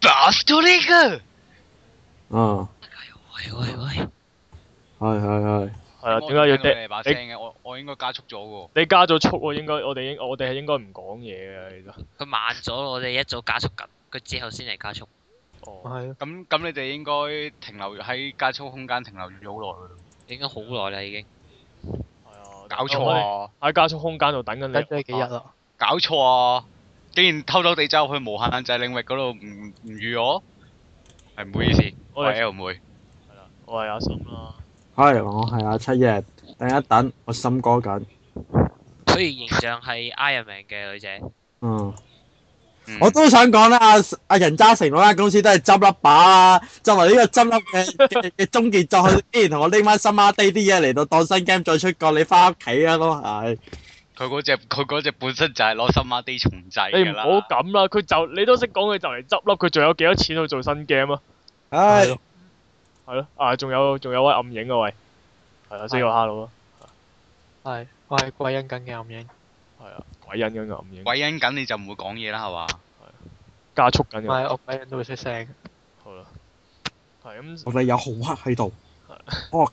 巴斯圖尼克？這個、啊！係係係係啊！點解要你把聲嘅？誒、哎，我我應該加速咗嘅。你加咗速，我應該我哋應我哋係應該唔講嘢嘅。你佢慢咗，我哋一早加速緊，佢之後先嚟加速。哦，係。咁咁，你哋應該停留喺加速空間停留咗好耐嘅。應該好耐啦，已經。係啊。搞錯喺加速空間度等緊你。等咗幾日啦？搞錯啊！竟然偷偷地走去無限制領域嗰度，唔唔預我，係唔好意思，我係 L 妹，係啦，我係阿森啦，係、啊，我係阿七爺，等一等，我心歌緊。雖然形象係 Iron Man 嘅女仔，嗯，嗯我都想講啦、啊，阿阿人渣成嗰間公司都係執笠把啦，作為呢個執笠嘅嘅終結作，佢竟然同我拎翻 Summer Day 啲啲嘢嚟到當新 game 再出過，你翻屋企啊都係。佢嗰隻佢嗰隻本身就係攞《Smite》啲重製，你唔好咁啦。佢就你都識講佢就嚟執笠，佢仲有幾多錢去做新 game 啊？唉，係咯啊！仲有仲有位暗影啊，喂，係啊，先要 hello 咯。係，我係鬼隱緊嘅暗影。係啊，鬼隱緊嘅暗影。鬼隱緊你就唔會講嘢啦，係嘛？係加速緊。唔係，我鬼隱都會出聲。好啦，係咁。我哋有紅黑喺度。Oc。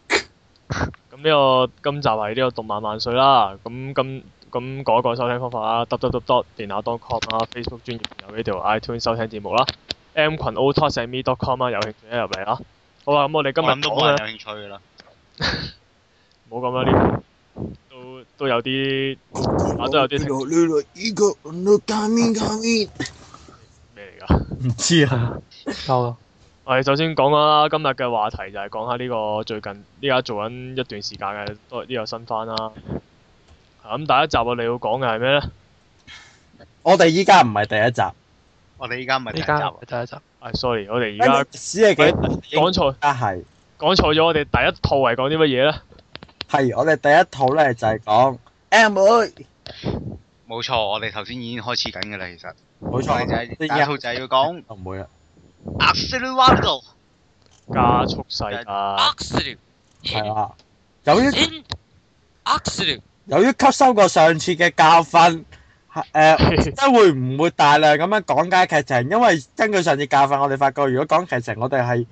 咁呢、嗯這個今集係呢、這個動漫萬,萬歲啦！咁今咁講一講收聽方法啦、www. d o t d o t d o t 電腦 dotcom 啦，Facebook 專業有呢條 iTunes 收聽節目啦，M 群 autoresmi.com 啦，me. Com, 有興趣一入嚟啦。好、嗯、啦，咁我哋今日講都冇乜興趣啦，唔好咁啦，呢啲都都有啲，都有啲。咩嚟噶？唔知啊， 我哋首先講啊，今日嘅話題就係講下呢個最近呢家做緊一段時間嘅都呢個新番啦。咁第一集我哋要講嘅係咩呢？我哋依家唔係第一集。我哋依家唔係第一集。第一集。Sorry，我哋而家只係幾講錯。係講錯咗，我哋第一套係講啲乜嘢呢？係我哋第一套咧，就係講 M O。冇錯，我哋頭先已經開始緊嘅啦，其實。冇錯。就係第一套，就係要講。唔會加速世界。加速。係啊，由於加速，由於吸收過上次嘅教訓，誒，即會唔會大量咁樣講解劇情？因為根據上次教訓，我哋發覺如果講劇情，我哋係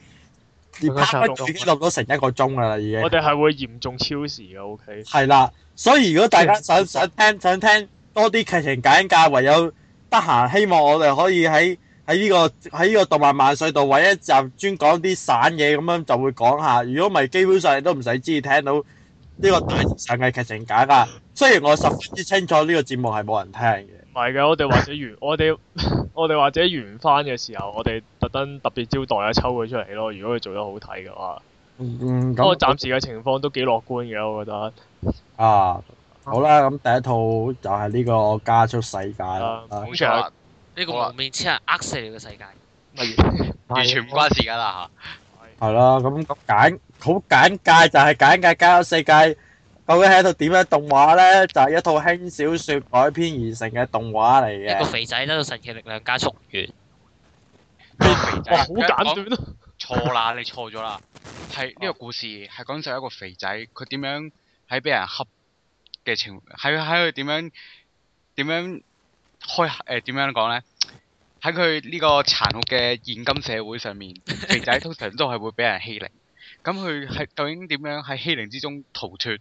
而拍開自己錄咗成一個鐘噶啦，已經。我哋係會嚴重超時嘅。OK。係啦，所以如果大家想想聽想聽多啲劇情簡介，唯有得閒，希望我哋可以喺。喺呢、這個喺呢個動漫萬歲度，唯一集專講啲散嘢咁樣就會講下。如果唔係基本上你都唔使知聽到呢個大神嘅劇情假噶。雖然我十分之清楚呢、這個節目係冇人聽嘅。唔係嘅，我哋或者完 我哋我哋或者完翻嘅時候，我哋特登特別招待啊，抽佢出嚟咯。如果佢做得好睇嘅話，不、嗯嗯嗯、我暫時嘅情況都幾樂觀嘅，我覺得。嗯、啊，好啦，咁第一套就係呢個加速世界啦。呢個無面痴人呃死你個世界， 完全唔關事噶啦吓。係啦， 咁簡好簡介就係簡介，家、就、下、是、世界究竟係一套點樣動畫咧？就係、是、一套輕小說改編而成嘅動畫嚟嘅。 一個肥仔呢，得到神奇力量加速源。哇、 哦，好簡短啊！錯啦， 你錯咗啦。係呢、哦、個故事係講就一個肥仔，佢點樣喺俾人恰嘅情，喺喺佢點樣點樣？開誒點樣講咧？喺佢呢個殘酷嘅現今社會上面，肥仔通常都係會俾人欺凌。咁佢係究竟點樣喺欺凌之中逃脱，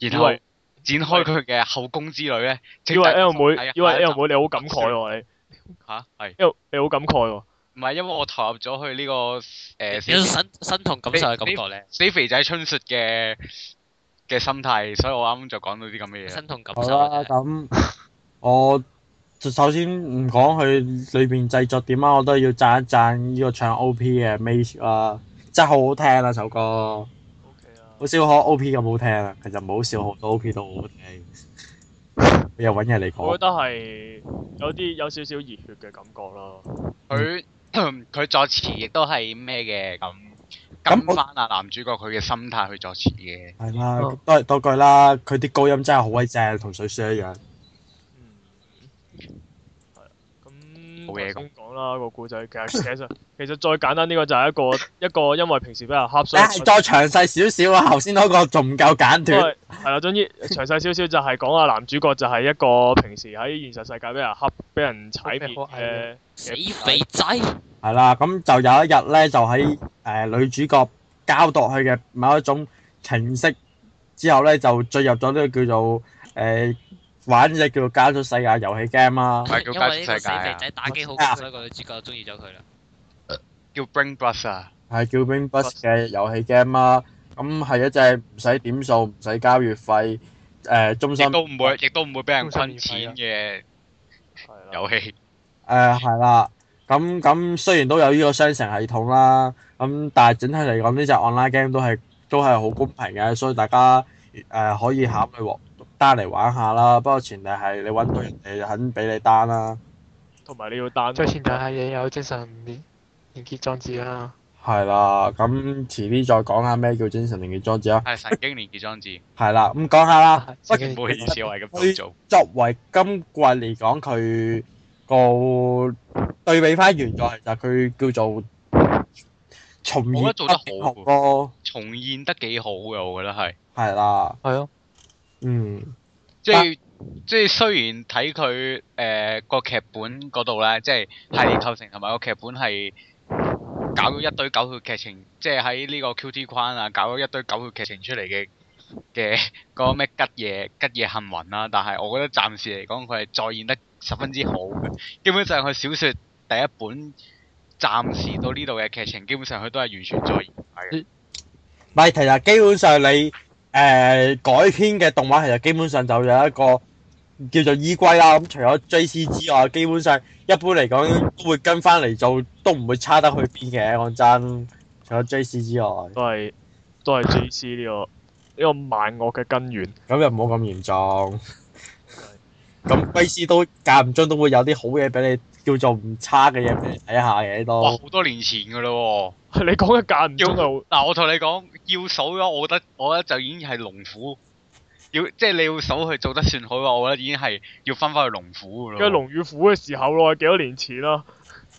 然後展開佢嘅後宮之旅咧？因為因為妹，因為因為妹，你好感慨喎，你吓係，你好感慨喎，唔係因為我投入咗去呢個誒，有身身同感受嘅感覺咧，死肥仔春雪嘅嘅心態，所以我啱啱就講到啲咁嘅嘢，身同感受啦。好啦，咁我。首先唔講佢裏邊製作點啊，我都要讚一讚呢個唱 OP 嘅，m 未啦，真係好好聽啊首歌。OK 啊。好少可 OP 咁好聽啊，其實唔好笑，好多 OP 都好好聽。Okay. 又揾嘢嚟講。我覺得係有啲有少少熱血嘅感覺咯。佢佢、嗯、作詞亦都係咩嘅咁跟翻啊男主角佢嘅心態去作詞嘅。係、啊 oh. 啦，多謝多謝啦。佢啲高音真係好鬼正，同水樹一樣。冇嘢咁講啦，個故仔，其實其實其實再簡單呢，個就係一個一個， 一個因為平時俾人恰，所以、啊、再詳細少少啊，頭先嗰個仲唔夠簡短。係啦， 總之詳細少少就係講啊，男主角就係一個平時喺現實世界俾 人恰，俾人踩嘅死肥仔。係啦，咁就有一日咧，就喺誒、呃、女主角交代佢嘅某一種程式之後咧，就進入咗呢個叫做誒。呃玩隻叫《加速世界》遊戲 game 啦，因為呢個死肥仔打機好，所以個女主角中意咗佢啦。叫 Brain Burst 啊，係叫 Brain Burst 嘅遊戲 game 啦。咁係一隻唔使點數、唔使交月費、誒中心亦都唔會、亦都唔會俾人充錢嘅遊戲。誒係啦，咁咁雖然都有呢個商城系統啦，咁但係整體嚟講，呢隻 online game 都係都係好公平嘅，所以大家誒可以揀嘅喎。單嚟玩下啦，不過前提係你揾到人哋肯俾你單啦、啊。同埋你要單。最前提係要有精神連連結裝置。係啦，咁遲啲再講下咩叫精神連結裝置啊。係神經連結裝置。係啦，咁講下啦。作為今季嚟講，佢個對比翻原作，就佢叫做重現，我覺得做得好咯、啊。重現得幾好嘅，我覺得係。係啦。係咯、啊。嗯，即係即係雖然睇佢誒個劇本嗰度咧，即係系列構成同埋個劇本係搞咗一堆狗血劇情，即係喺呢個 Q T 框啊，搞咗一堆狗血劇情出嚟嘅嘅個咩吉夜，吉夜幸運啦，啊，但係我覺得暫時嚟講，佢係再現得十分之好。基本上佢小說第一本，暫時到呢度嘅劇情，基本上佢都係完全再現。係咪，嗯？其實基本上你。誒、呃、改編嘅動畫其實基本上就有一個叫做依歸啦，咁、嗯、除咗 J.C. 之外，基本上一般嚟講都會跟翻嚟做，都唔會差得去邊嘅。講真，除咗 J.C. 之外，都係都係 J.C. 呢、呢個呢、呢個萬惡嘅根源。咁又唔好咁嚴重。咁威斯都間唔中都會有啲好嘢俾你，叫做唔差嘅嘢俾你睇下嘅多。哇！好多年前噶啦喎， 你講嘅間唔中就嗱、啊，我同你講要數咗，我覺得我覺得就已經係龍虎，要即係你要數佢做得算好嘅話，我覺得已經係要分翻去龍虎噶咯、啊。跟住龍與虎嘅時候咯，幾多年前啦、啊，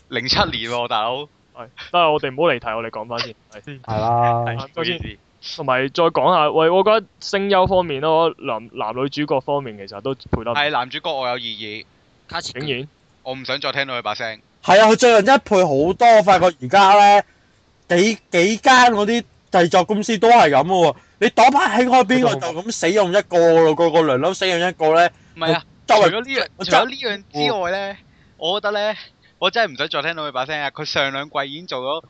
零七年喎大佬。係， 但係我哋唔好離題，我哋講翻先，係先。係啦。 同埋再講下，喂，我覺得聲優方面咯，男男女主角方面其實都配得。係男主角我有異議，卡茲竟然，我唔想再聽到佢把聲。係啊，佢最近一配好多，我發覺而家咧，幾幾間嗰啲製作公司都係咁嘅喎。你打排起開邊個就咁死用一個咯，個個輪流死用一個咧。唔係啊，除咗呢樣，除咗呢樣之外咧，我覺得咧，我真係唔想再聽到佢把聲啊！佢上兩季已經做咗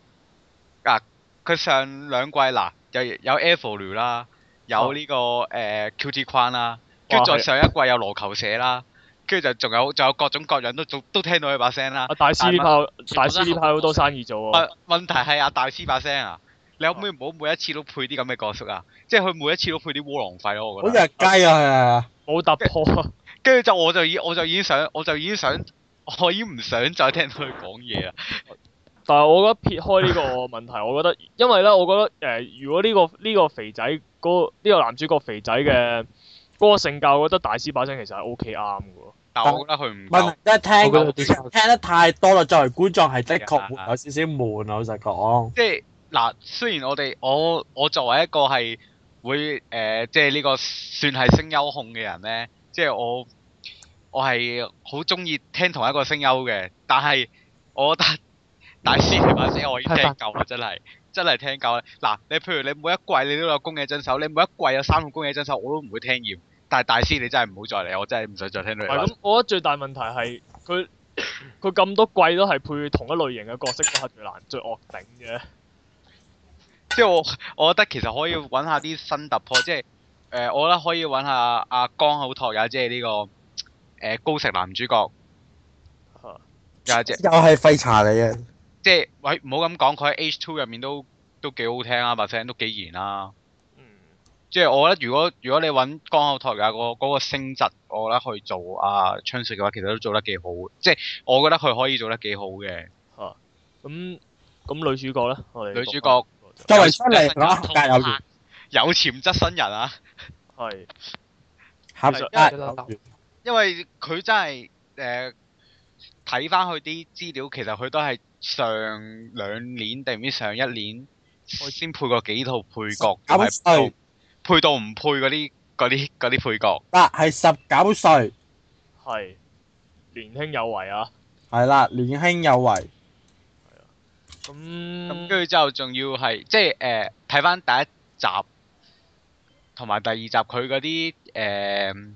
嗱，佢上兩季嗱。有有 a i r l o 啦，有呢、這個誒 QT 框啦，跟住再上一季有羅球社啦，跟住就仲有仲有各種各樣都都，都聽到佢把聲啦。阿、啊、大師派嘛大師派好多生意做喎，啊。問題係阿、啊、大師把聲啊，你可唔可以唔好每一次都配啲咁嘅角色啊？即係佢每一次都配啲窩囊廢咯，我覺得。好似係雞啊！冇，啊、突破、啊，跟住就我就已我就已經想我就已經想我已經唔想再聽到佢講嘢啦！ 但係我覺得撇開呢個問題， 我覺得因為咧，我覺得誒、呃，如果呢、呢個呢、呢個肥仔嗰呢、嗰個呢個男主角肥仔嘅嗰性格，我覺得大師把聲其實係 O K 啱嘅。但我覺得佢唔，問題係、啊、聽，得聽得太多啦。作為觀眾係的確有少少悶啊！老、啊、實講。即係嗱，雖然我哋我我作為一個係會誒、呃，即係呢個算係聲優控嘅人咧，即係我我係好中意聽同一個聲優嘅，但係我覺得。大師，大先，我已經聽夠啦吧，真係真係聽夠啦。嗱，你譬如你每一季你都有宮野真守，你每一季有三個宮野真守，我都唔會聽厭。但係大師，你真係唔好再嚟，我真係唔想再聽到。咁，我覺得最大問題係佢佢咁多季都係配同一類型嘅角色，都係最難最惡頂嘅。即係我我覺得其實可以揾下啲新突破，即係誒、呃，我覺得可以揾下阿江口拓也即係呢個誒、呃、高城男主角。吓 Huh? 姐又係又係廢柴嚟嘅。即係，喂，唔好咁講，佢喺 H2 入面都都幾好聽啊，把聲都幾燃啦、啊。嗯。即係我覺得如，如果如果你揾江浩台嘅嗰嗰個聲質，那個、質我覺得去做阿昌碩嘅話，其實都做得幾好。即係我覺得佢可以做得幾好嘅。咁咁、啊、女主角咧？女主角周韋彤嚟啦，加有潛質、啊、新人啊。係。 啊、因為佢真係誒。啊睇翻佢啲資料，其實佢都係上兩年定唔知上一年，佢先配過幾套配角，歲係、配到唔配嗰啲嗰啲嗰啲配角。嗱，係十九歲，係年輕有為啊！係啦，年輕有為。咁咁，跟住之後仲要係即係誒，睇、就、翻、係呃，第一集同埋第二集佢嗰啲誒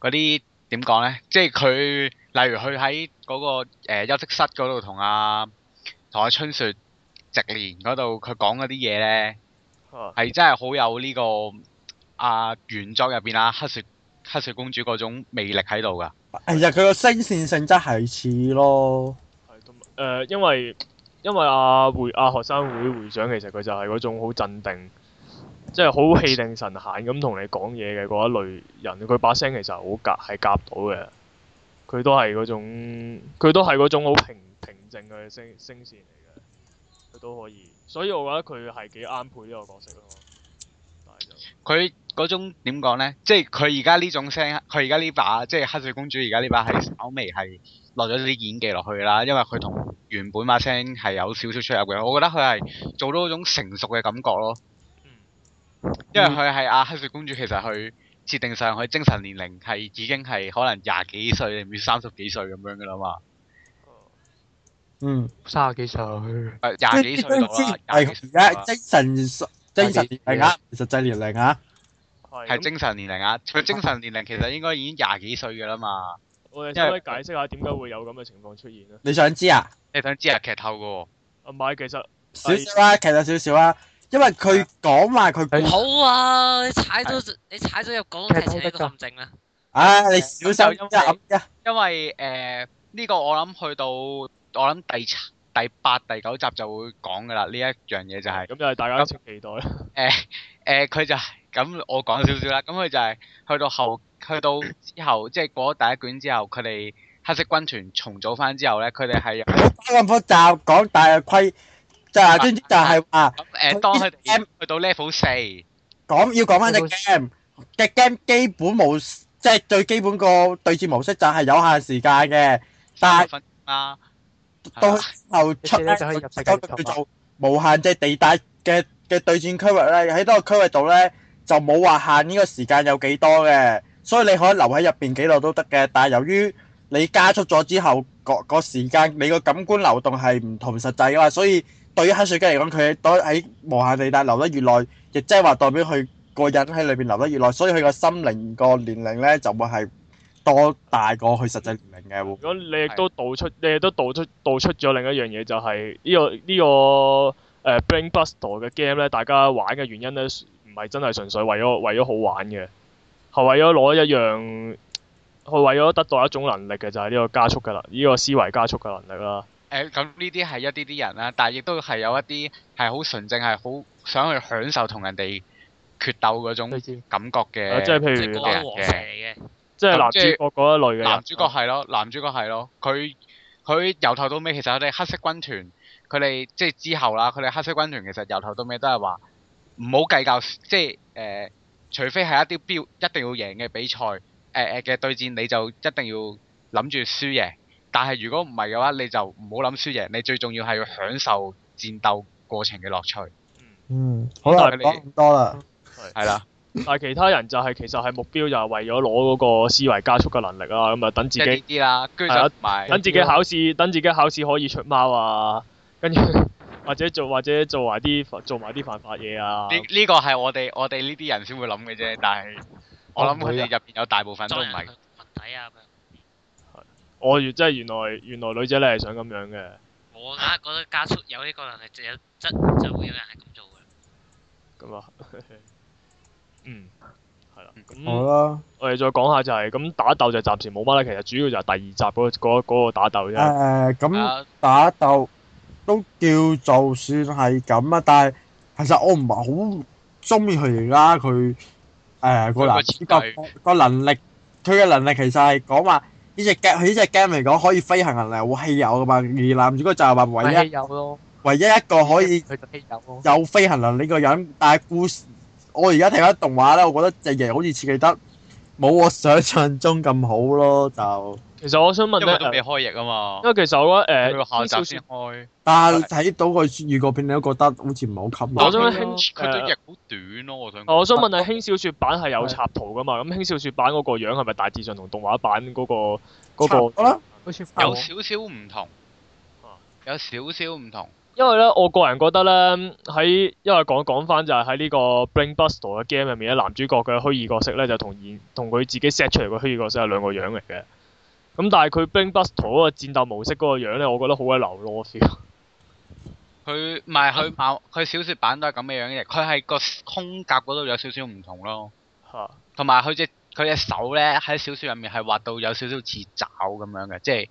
嗰啲。呃點講呢？即係佢，例如佢喺嗰個誒、呃、休息室嗰度，啊，同阿同阿春雪直連嗰度，佢講嗰啲嘢呢，係、啊、真係好有呢、這個原、啊、作入邊啦，黑雪黑雪公主嗰種魅力喺度噶。其實佢個聲線性質係似咯。誒、呃，因為因為阿、啊、會阿、啊、學生會會，會長，其實佢就係嗰種好鎮定。即係好氣定神閒咁同你講嘢嘅嗰一類人，佢把聲其實好夾，係夾到嘅。佢都係嗰種，佢都係嗰種好平平靜嘅聲聲線嚟嘅。佢都可以，所以我覺得佢係幾啱配呢個角色咯。但係就佢嗰種點講呢？即係佢而家呢種聲，佢而家呢把即係黑水公主而家呢把係稍微係落咗啲演技落去啦，因為佢同原本把聲係有少少出入嘅。我覺得佢係做到嗰種成熟嘅感覺咯。因為佢係阿黑雪公主，其實佢設定上佢精神年齡係已經係可能廿幾歲，定唔知三十幾歲咁樣噶啦嘛。嗯，三十幾歲，廿幾歲而家精神，精神年齡啊，實際年齡啊，係精神年齡啊，佢精神年齡其實應該已經廿幾歲噶啦嘛。我哋解釋下點解會有咁嘅情況出現咧？你想知啊？你想知啊？劇透噶？唔係，其實少少啦，其實少少啦。因為佢講埋佢好啊！你踩咗的你踩咗入港劇，踩到咁靜啦。唉，你少收音因為誒呢、啊呃這個我諗去到我諗第七、第八、第九集就會講㗎啦。呢一樣嘢就係、是、咁、嗯、就係、是、大家期待啦。誒誒、呃，佢、呃、就係咁，我講少少啦。咁佢 就係去到後去到之後，即、就、係、是、過咗第一卷之後，佢哋黑色軍團重組返之後咧，佢哋係咁複雜講大嘅規。就係，就係啊。當佢去到 level 四，講要講翻隻 game，隻 game 基本冇，即係最基本個對戰模式就係有限時間嘅。但係到後出，我叫做無限即係地帶嘅嘅對戰區域咧，喺嗰個區域度咧就冇話限呢個時間有幾多嘅，所以你可以留喺入邊幾耐都得嘅。但係由於你加速咗之後，個個時間你個感官流動係唔同實際噶嘛，所以。對於黑水雞嚟講，佢都喺無限地帶留得越耐，亦即係話代表佢個人喺裏邊留得越耐，所以佢個心靈個年齡咧就會係多大過佢實際年齡嘅。如果你亦都導出，你亦都導出導出咗另一樣嘢、就係，就、這、係、個這個呃、呢個呢個誒《Brain Buster》嘅 game 咧，大家玩嘅原因咧，唔係真係純粹為咗為咗好玩嘅，係為咗攞一樣，佢為咗得到一種能力嘅，就係、是、呢個加速嘅啦，呢、呢個思維加速嘅能力啦。誒，咁呢啲係一啲啲人啦、啊，但係亦都係有一啲係好純正，係好想去享受同人哋決鬥嗰種感覺嘅之、呃，即係譬如嘅，即係男主角嗰一類嘅男主角係咯，男主角係咯，佢佢由頭到尾，其實我哋黑色軍團，佢哋即係之後啦，佢哋黑色軍團其實由頭到尾都係話唔好計較，即係誒、呃，除非係一啲標一定要贏嘅比賽，誒誒嘅對戰，你就一定要諗住輸贏。但係如果唔係嘅話，你就唔好諗輸贏，你最重要係要享受戰鬥過程嘅樂趣。嗯，好耐講咁多啦，係啦的。 但係其他人就係、係、其實係目標就係為咗攞嗰個思維加速嘅能力啊，咁啊等自己啲啦，跟住等自己考試，等自己考試可以出貓啊，跟住 或者做或者做埋啲做埋啲犯法嘢啊。呢呢、呢個係我哋我哋呢啲人先會諗嘅啫，但係我諗佢哋入邊有大部分都唔係。我原即係原來原來女仔你係想咁樣嘅，我硬覺得加速有呢個能力就有質就會有人係咁做嘅。咁啊，嗯，係啦。好啦。我哋再講下就係咁打鬥就暫時冇乜啦。其實主要就係第二集嗰個嗰嗰個打鬥啫。誒咁打鬥都叫做算係咁啊，但係其實我唔係好中意佢而家佢誒個能個個能力，佢嘅能力其實係講話，呢隻 game，佢呢隻 game 嚟講，可以飛行能力好稀有噶嘛，而男主角就係話唯一有咯，唯一一個可以有飛行能力嘅人。但係故事我而家睇翻動畫咧，我覺得隻嘢好似設計得冇我想象中咁好咯就。其實我想問咧，因為佢未開映啊嘛，因為其實我覺得誒，要下集先開。但睇到個預告片，你都覺得好似唔係好吸引，我想問，佢對映好短咯。我想，我想問係輕小說版係有插圖噶嘛？咁輕小說版嗰個樣係咪大致上同動畫版嗰個嗰個？有少少唔同，有少少唔同。因為咧，我個人覺得咧，喺因為講講翻就係喺呢個《Bring Buster》嘅 game 入面咧，男主角嘅虛擬角色咧就同現同佢自己 set 出嚟嘅虛擬角色係兩個樣嚟嘅。咁、嗯、但係佢《冰 buster》嗰個戰鬥模式嗰個樣咧，我覺得好鬼流羅 feel。佢唔係佢佢小說版都係咁嘅樣嘅，佢係個空格嗰度有少少唔同咯。同埋佢隻佢隻手咧喺小說入面係畫到有少少似爪咁樣嘅，即係。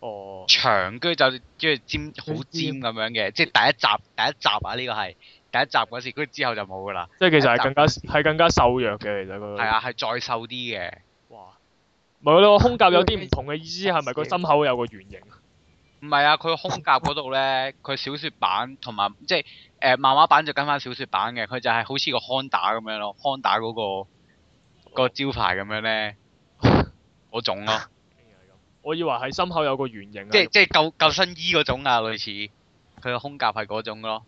哦。長，跟住就跟住尖好尖咁樣嘅，嗯、即係第一集，第一集、啊、第一集第一集啊！呢個係第一集嗰時，跟住之後就冇噶啦。即係其實係更加係更加瘦弱嘅，其實佢。係啊，係再瘦啲嘅。唔係咯，胸甲有啲唔同嘅意思，係咪個心口有個圓形？唔係啊，佢個胸甲嗰度咧，佢 小説版同埋即係誒漫畫版就跟翻小説版嘅，佢就係好似個康打咁樣咯，康打嗰個招牌咁樣咧嗰、哎、呀種咯。 我以為係心口有個圓形 即。即即救救生衣嗰種啊，類似佢個胸甲係嗰種咯。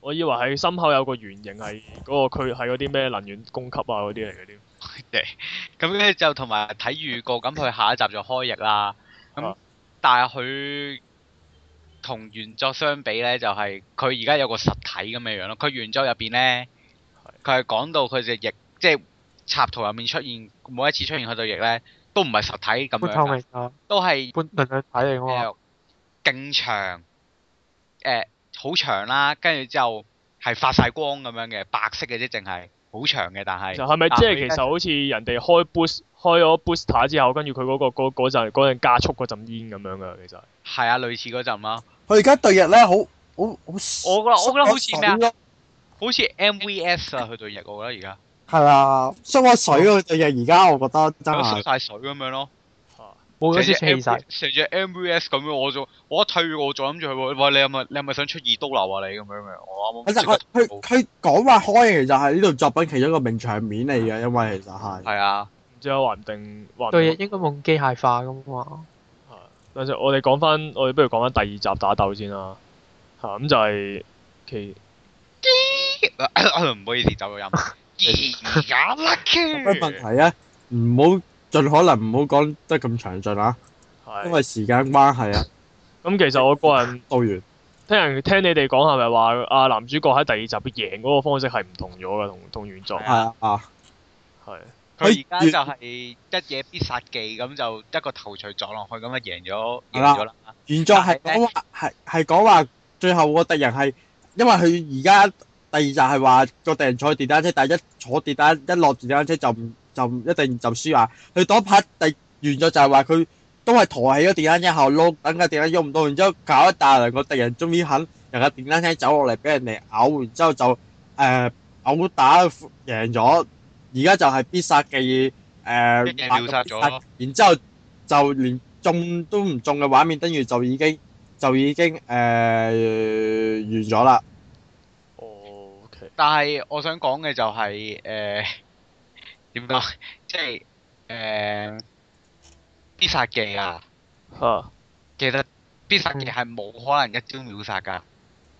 我以為喺心口有個圓形係嗰、嗰個佢係嗰啲咩能源供給啊嗰啲嚟嘅。咁跟 就同埋睇預告，咁佢下一集就開翼啦。咁但係佢同原作相比咧，就係佢而家有個實體咁嘅樣咯。佢原作入邊咧，佢係講到佢隻翼，即、就、係、是、插圖入面出現每一次出現佢對翼咧，都唔係實體咁樣，都係半透明嘅，勁、啊呃、長，好、呃、長啦，跟住之後係發晒光咁樣嘅白色嘅啫，淨係。好長嘅，但係，係咪即係其實好似人哋開 boost 開咗 booster 之後，跟住佢嗰個嗰嗰陣陣加速嗰陣煙咁樣噶？其實係啊，類似嗰陣啊。佢而家對日咧，好好好，好我我我覺得好似咩好似 MVS 啊，佢對日，我覺得而家係啊，縮下水啊，對日而家我覺得真係，縮晒水咁樣咯。我嗰啲黐晒，成隻 MVS 咁樣，我就我一退完，我仲諗住佢，喂你係咪你係咪想出二刀流啊你咁樣咩？我其實佢佢佢講話開其實就係呢套作品其中一個名場面嚟嘅，因為其實係。係啊，唔知話唔定，話唔定，對應該冇機械化咁話。啊，等我哋講翻，我哋不如講翻第二集打鬥先啦。吓咁、啊嗯、就係其唔好意思，就咁。而家 luck。咩問題啊？唔好。盡可能唔好講得咁詳盡啊，因為時間關係啊。咁其實我個人，聽人聽你哋講係咪話啊，男主角喺第二集佢贏嗰個方式係唔同咗噶，同同原作。係啊，係。佢而家就係一嘢必殺技咁，就一個頭槌撞落去咁啊，贏咗贏咗啦。原作係講係係講話最後個敵人係，因為佢而家第二集係話個敵人坐電單車，但係一坐電單一落電單車就唔。就唔一定就輸啊！佢嗰批第完咗就係話佢都係抬起咗電單車後碌，等架電單車用唔到，然之後搞一大輪，個敵人，終於肯入架電單車走落嚟俾人哋咬，然之後就誒咬打贏咗。而家就係必殺技誒，一嘢秒殺咗。然之後就連中都唔中嘅畫面，等於就已經就已經誒完咗啦。哦，但係我想講嘅就係誒。點講？即係誒、呃嗯啊啊，必殺技啊！吓，其實必殺技係冇可能一招秒殺噶，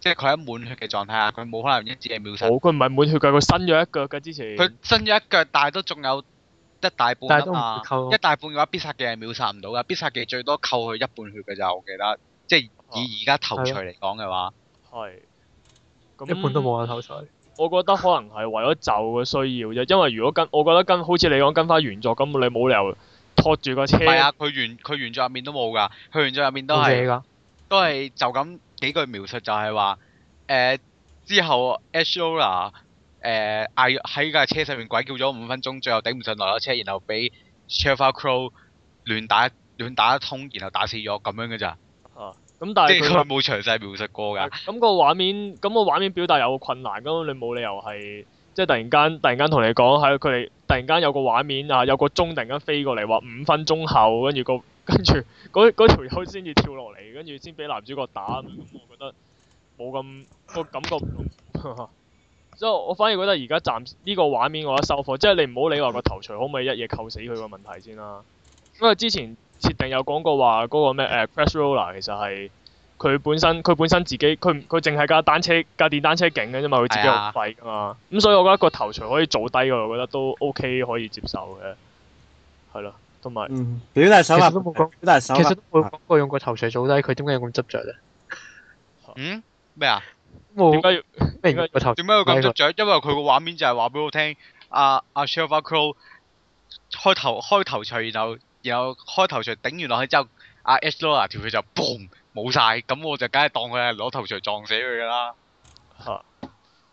即係佢喺滿血嘅狀態下，佢冇可能一招秒殺。我佢唔係滿血噶，佢伸咗一腳噶之前。佢伸咗一腳，但係都仲有一大半啊嘛！一大半嘅話，必殺技係秒殺唔到噶，必殺技最多扣佢一半血噶就，我記得。即係以而家頭錘嚟講嘅話，係一半都冇得頭錘我覺得可能係為咗就嘅需要啫，因為如果跟，我覺得跟，好似你講跟返原作咁，你冇理由拖住個車。係啊，佢原佢原作入面都冇㗎，佢原作入面都係、嗯、都係就咁幾句描述就，就係話誒之後 Ashola 誒、呃、嗌喺架車上面鬼叫咗五分鐘，最後頂唔順落咗車，然後俾 Cherfah Crow 亂打亂打一通，然後打死咗咁樣嘅咋。啊！咁、嗯、但係即係佢冇詳細描述過㗎、嗯。咁、嗰個畫面，咁、嗰個畫面表達有困難咁，你冇理由係即係突然間，突然間同你講係佢哋突然間有個畫面啊，有個鐘突然間飛過嚟，話五分鐘後，跟住、嗰個跟住嗰條友先至跳落嚟，跟住先俾男主角打，咁我覺得冇咁、嗰個感覺唔同。 所以，我反而覺得而家暫呢、呢個畫面我一收貨，即係你唔好理話、嗰個頭槌可唔可以一嘢扣死佢個問題先啦。因、啊、為之前。設定有講過話嗰個咩誒、uh,，Crash Roller 其實係佢本身佢本身自己佢佢淨係架單車架電單車勁嘅啫嘛，佢自己用廢噶嘛。咁、哎呀嗯、所以我覺得個頭錘可以做低我覺得都 OK 可以接受嘅。係咯，同埋、嗯，表達手法啊，其實都冇講表達手法。其實我我用個頭錘做低佢，點解咁執着咧？嗯？咩啊？點解要？點解要咁執着？因為佢個畫面就係話俾我聽，阿阿 Shelfa Crow 開頭開頭錘，頭頭然後然後開頭錘頂完落去之後，阿 s H 咯條血就 boom 冇晒，咁我就梗係當佢係攞頭錘撞死佢噶啦。吓、啊，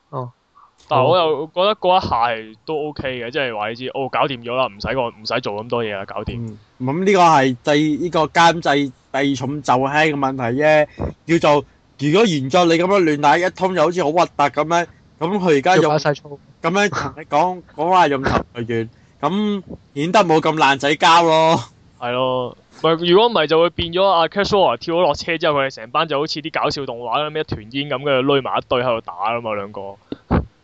哦，哦但我又覺得嗰一下都 OK 嘅，即係話你知，哦搞掂咗啦，唔使個唔使做咁多嘢啦，搞掂。咁呢，嗯嗯這個係製呢個監製避重就輕嘅問題啫，叫做如果原作你咁樣亂打一通就，又好似好核突咁樣，咁佢而家用咁樣同你講講，講話用頭錘完。 咁顯得冇咁爛仔交咯，係咯。唔係如果唔係就會變咗阿 Cashew 跳咗落車之後，佢哋成班就好似啲搞笑動畫咁樣一團煙咁嘅，攞埋一堆喺度打啦嘛兩個。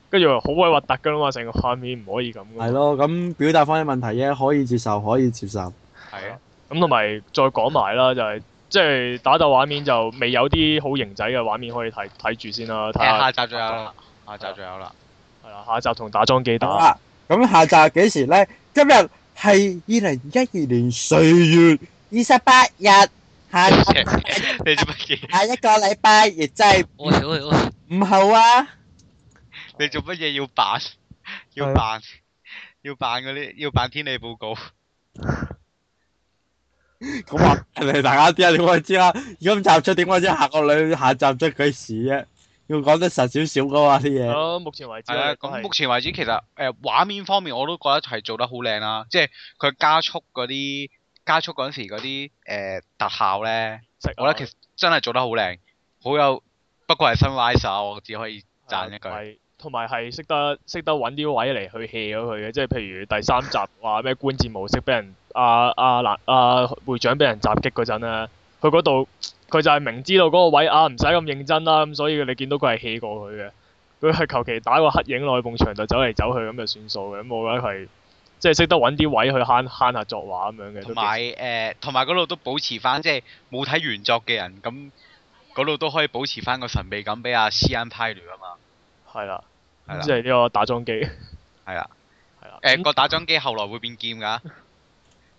跟住好鬼核突噶啦嘛，成個畫面唔可以咁。係咯，咁表達翻啲問題啫，可以接受，可以接受。係啊的，咁同埋再講埋啦，就係、是、即係打鬥畫面就未有啲好型仔嘅畫面可以睇睇住先啦。睇下集仲有啦的，下集仲有啦。係啦，下集同打樁機打。啊。咁下集幾時咧？今日係二零一二年四月二十八日，下一個禮拜亦即係五號啊！你做乜嘢要扮？要扮？要扮嗰啲？要扮天氣報告？咁啊！係咪大家知啊？點解知啊？如果唔插出，點解知下個禮下集出幾時啫？要講得實少少噶嘛啲嘢。 啊、目前為止，咁目前為止其實誒、呃、畫面方面我都覺得係做得好靚啦，即係佢加速嗰啲加速嗰陣時嗰啲誒特效咧，了我覺得其實真係做得好靚，好有不過係 Sunrise，我只可以讚一句。同埋係識得識得揾啲位嚟去 hea 咗佢嘅，即係譬如第三集話咩觀戰模式俾人阿阿嗱阿會長俾人襲擊嗰陣啊，佢嗰度。佢就係明知道嗰個位啊，唔使咁認真啦，咁、嗯、所以你見到佢係戲過佢嘅，佢係求其打個黑影落去埲牆就走嚟走去咁就算數嘅，咁、嗯、我覺得係，即係識得揾啲位去慳慳下作畫咁樣嘅。同埋誒，同埋嗰度都保持翻，即係冇睇原作嘅人咁，嗰度都可以保持翻個神秘感俾阿 C and Pilot 啊嘛。係啦，咁即係呢個打樁機。係啦、嗯，係啦。 誒個打樁機後來會變劍㗎。嗯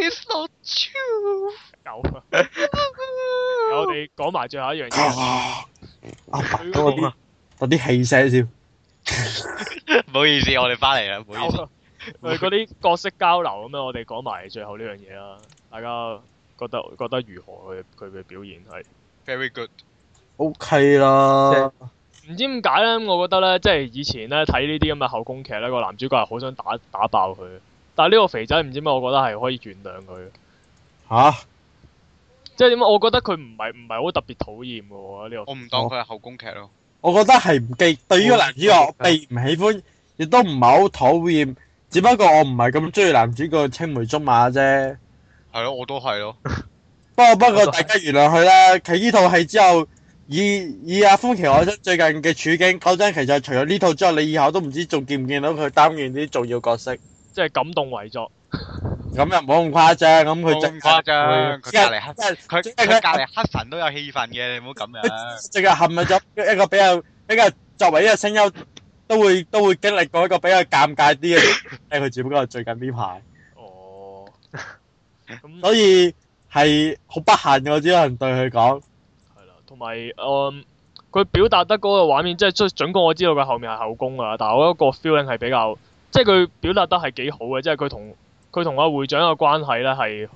It's not true。有啊。我哋講埋最後一樣嘢。啊，嗰啲嗰啲氣聲先。唔 好意思，我哋翻嚟啦。唔好意思。咪嗰啲角色交流咁樣，我哋講埋最後呢樣嘢啦。大家覺得覺得如何佢佢嘅表現？係。Very good okay 了。OK 啦。唔知點解咧？我覺得咧，即係以前咧睇呢啲咁嘅後宮劇咧，個男主角係好想打打爆佢。但係呢個肥仔唔知點解，我覺得係可以原諒佢。嚇、啊！即係點解？我覺得佢唔係唔係好特別討厭嘅喎。呢、這個我唔當佢係後宮劇咯。我覺得係唔記對於個男主角，我並唔喜歡，亦都唔係好討厭。只不過我唔係咁中意男主角青梅竹馬啫。係咯，我都係咯不。不過不過，大家原諒佢啦。佢呢套戲之後，以以阿封琪海生最近嘅處境，講真，其實除咗呢套之後，你以後都唔知仲見唔見到佢擔演啲重要角色。即係感動為作，咁又唔好咁誇張，咁佢真誇張。佢隔籬黑，佢佢隔籬黑粉都有氣氛嘅，你唔好咁樣。即係冚埋咗一個比較比較，作為一個聲優都會都會經歷過一個比較尷尬啲嘅，誒，佢只不過最近呢排。哦。所以係好不幸嘅，我只能對佢講。係啦，同埋誒，佢表達得嗰個畫面，即係準確，我知道佢後面係後宮啊，但係我一個 feeling 係比較。即係佢表達得係幾好嘅，即係佢同佢同阿會長嘅關係呢，係，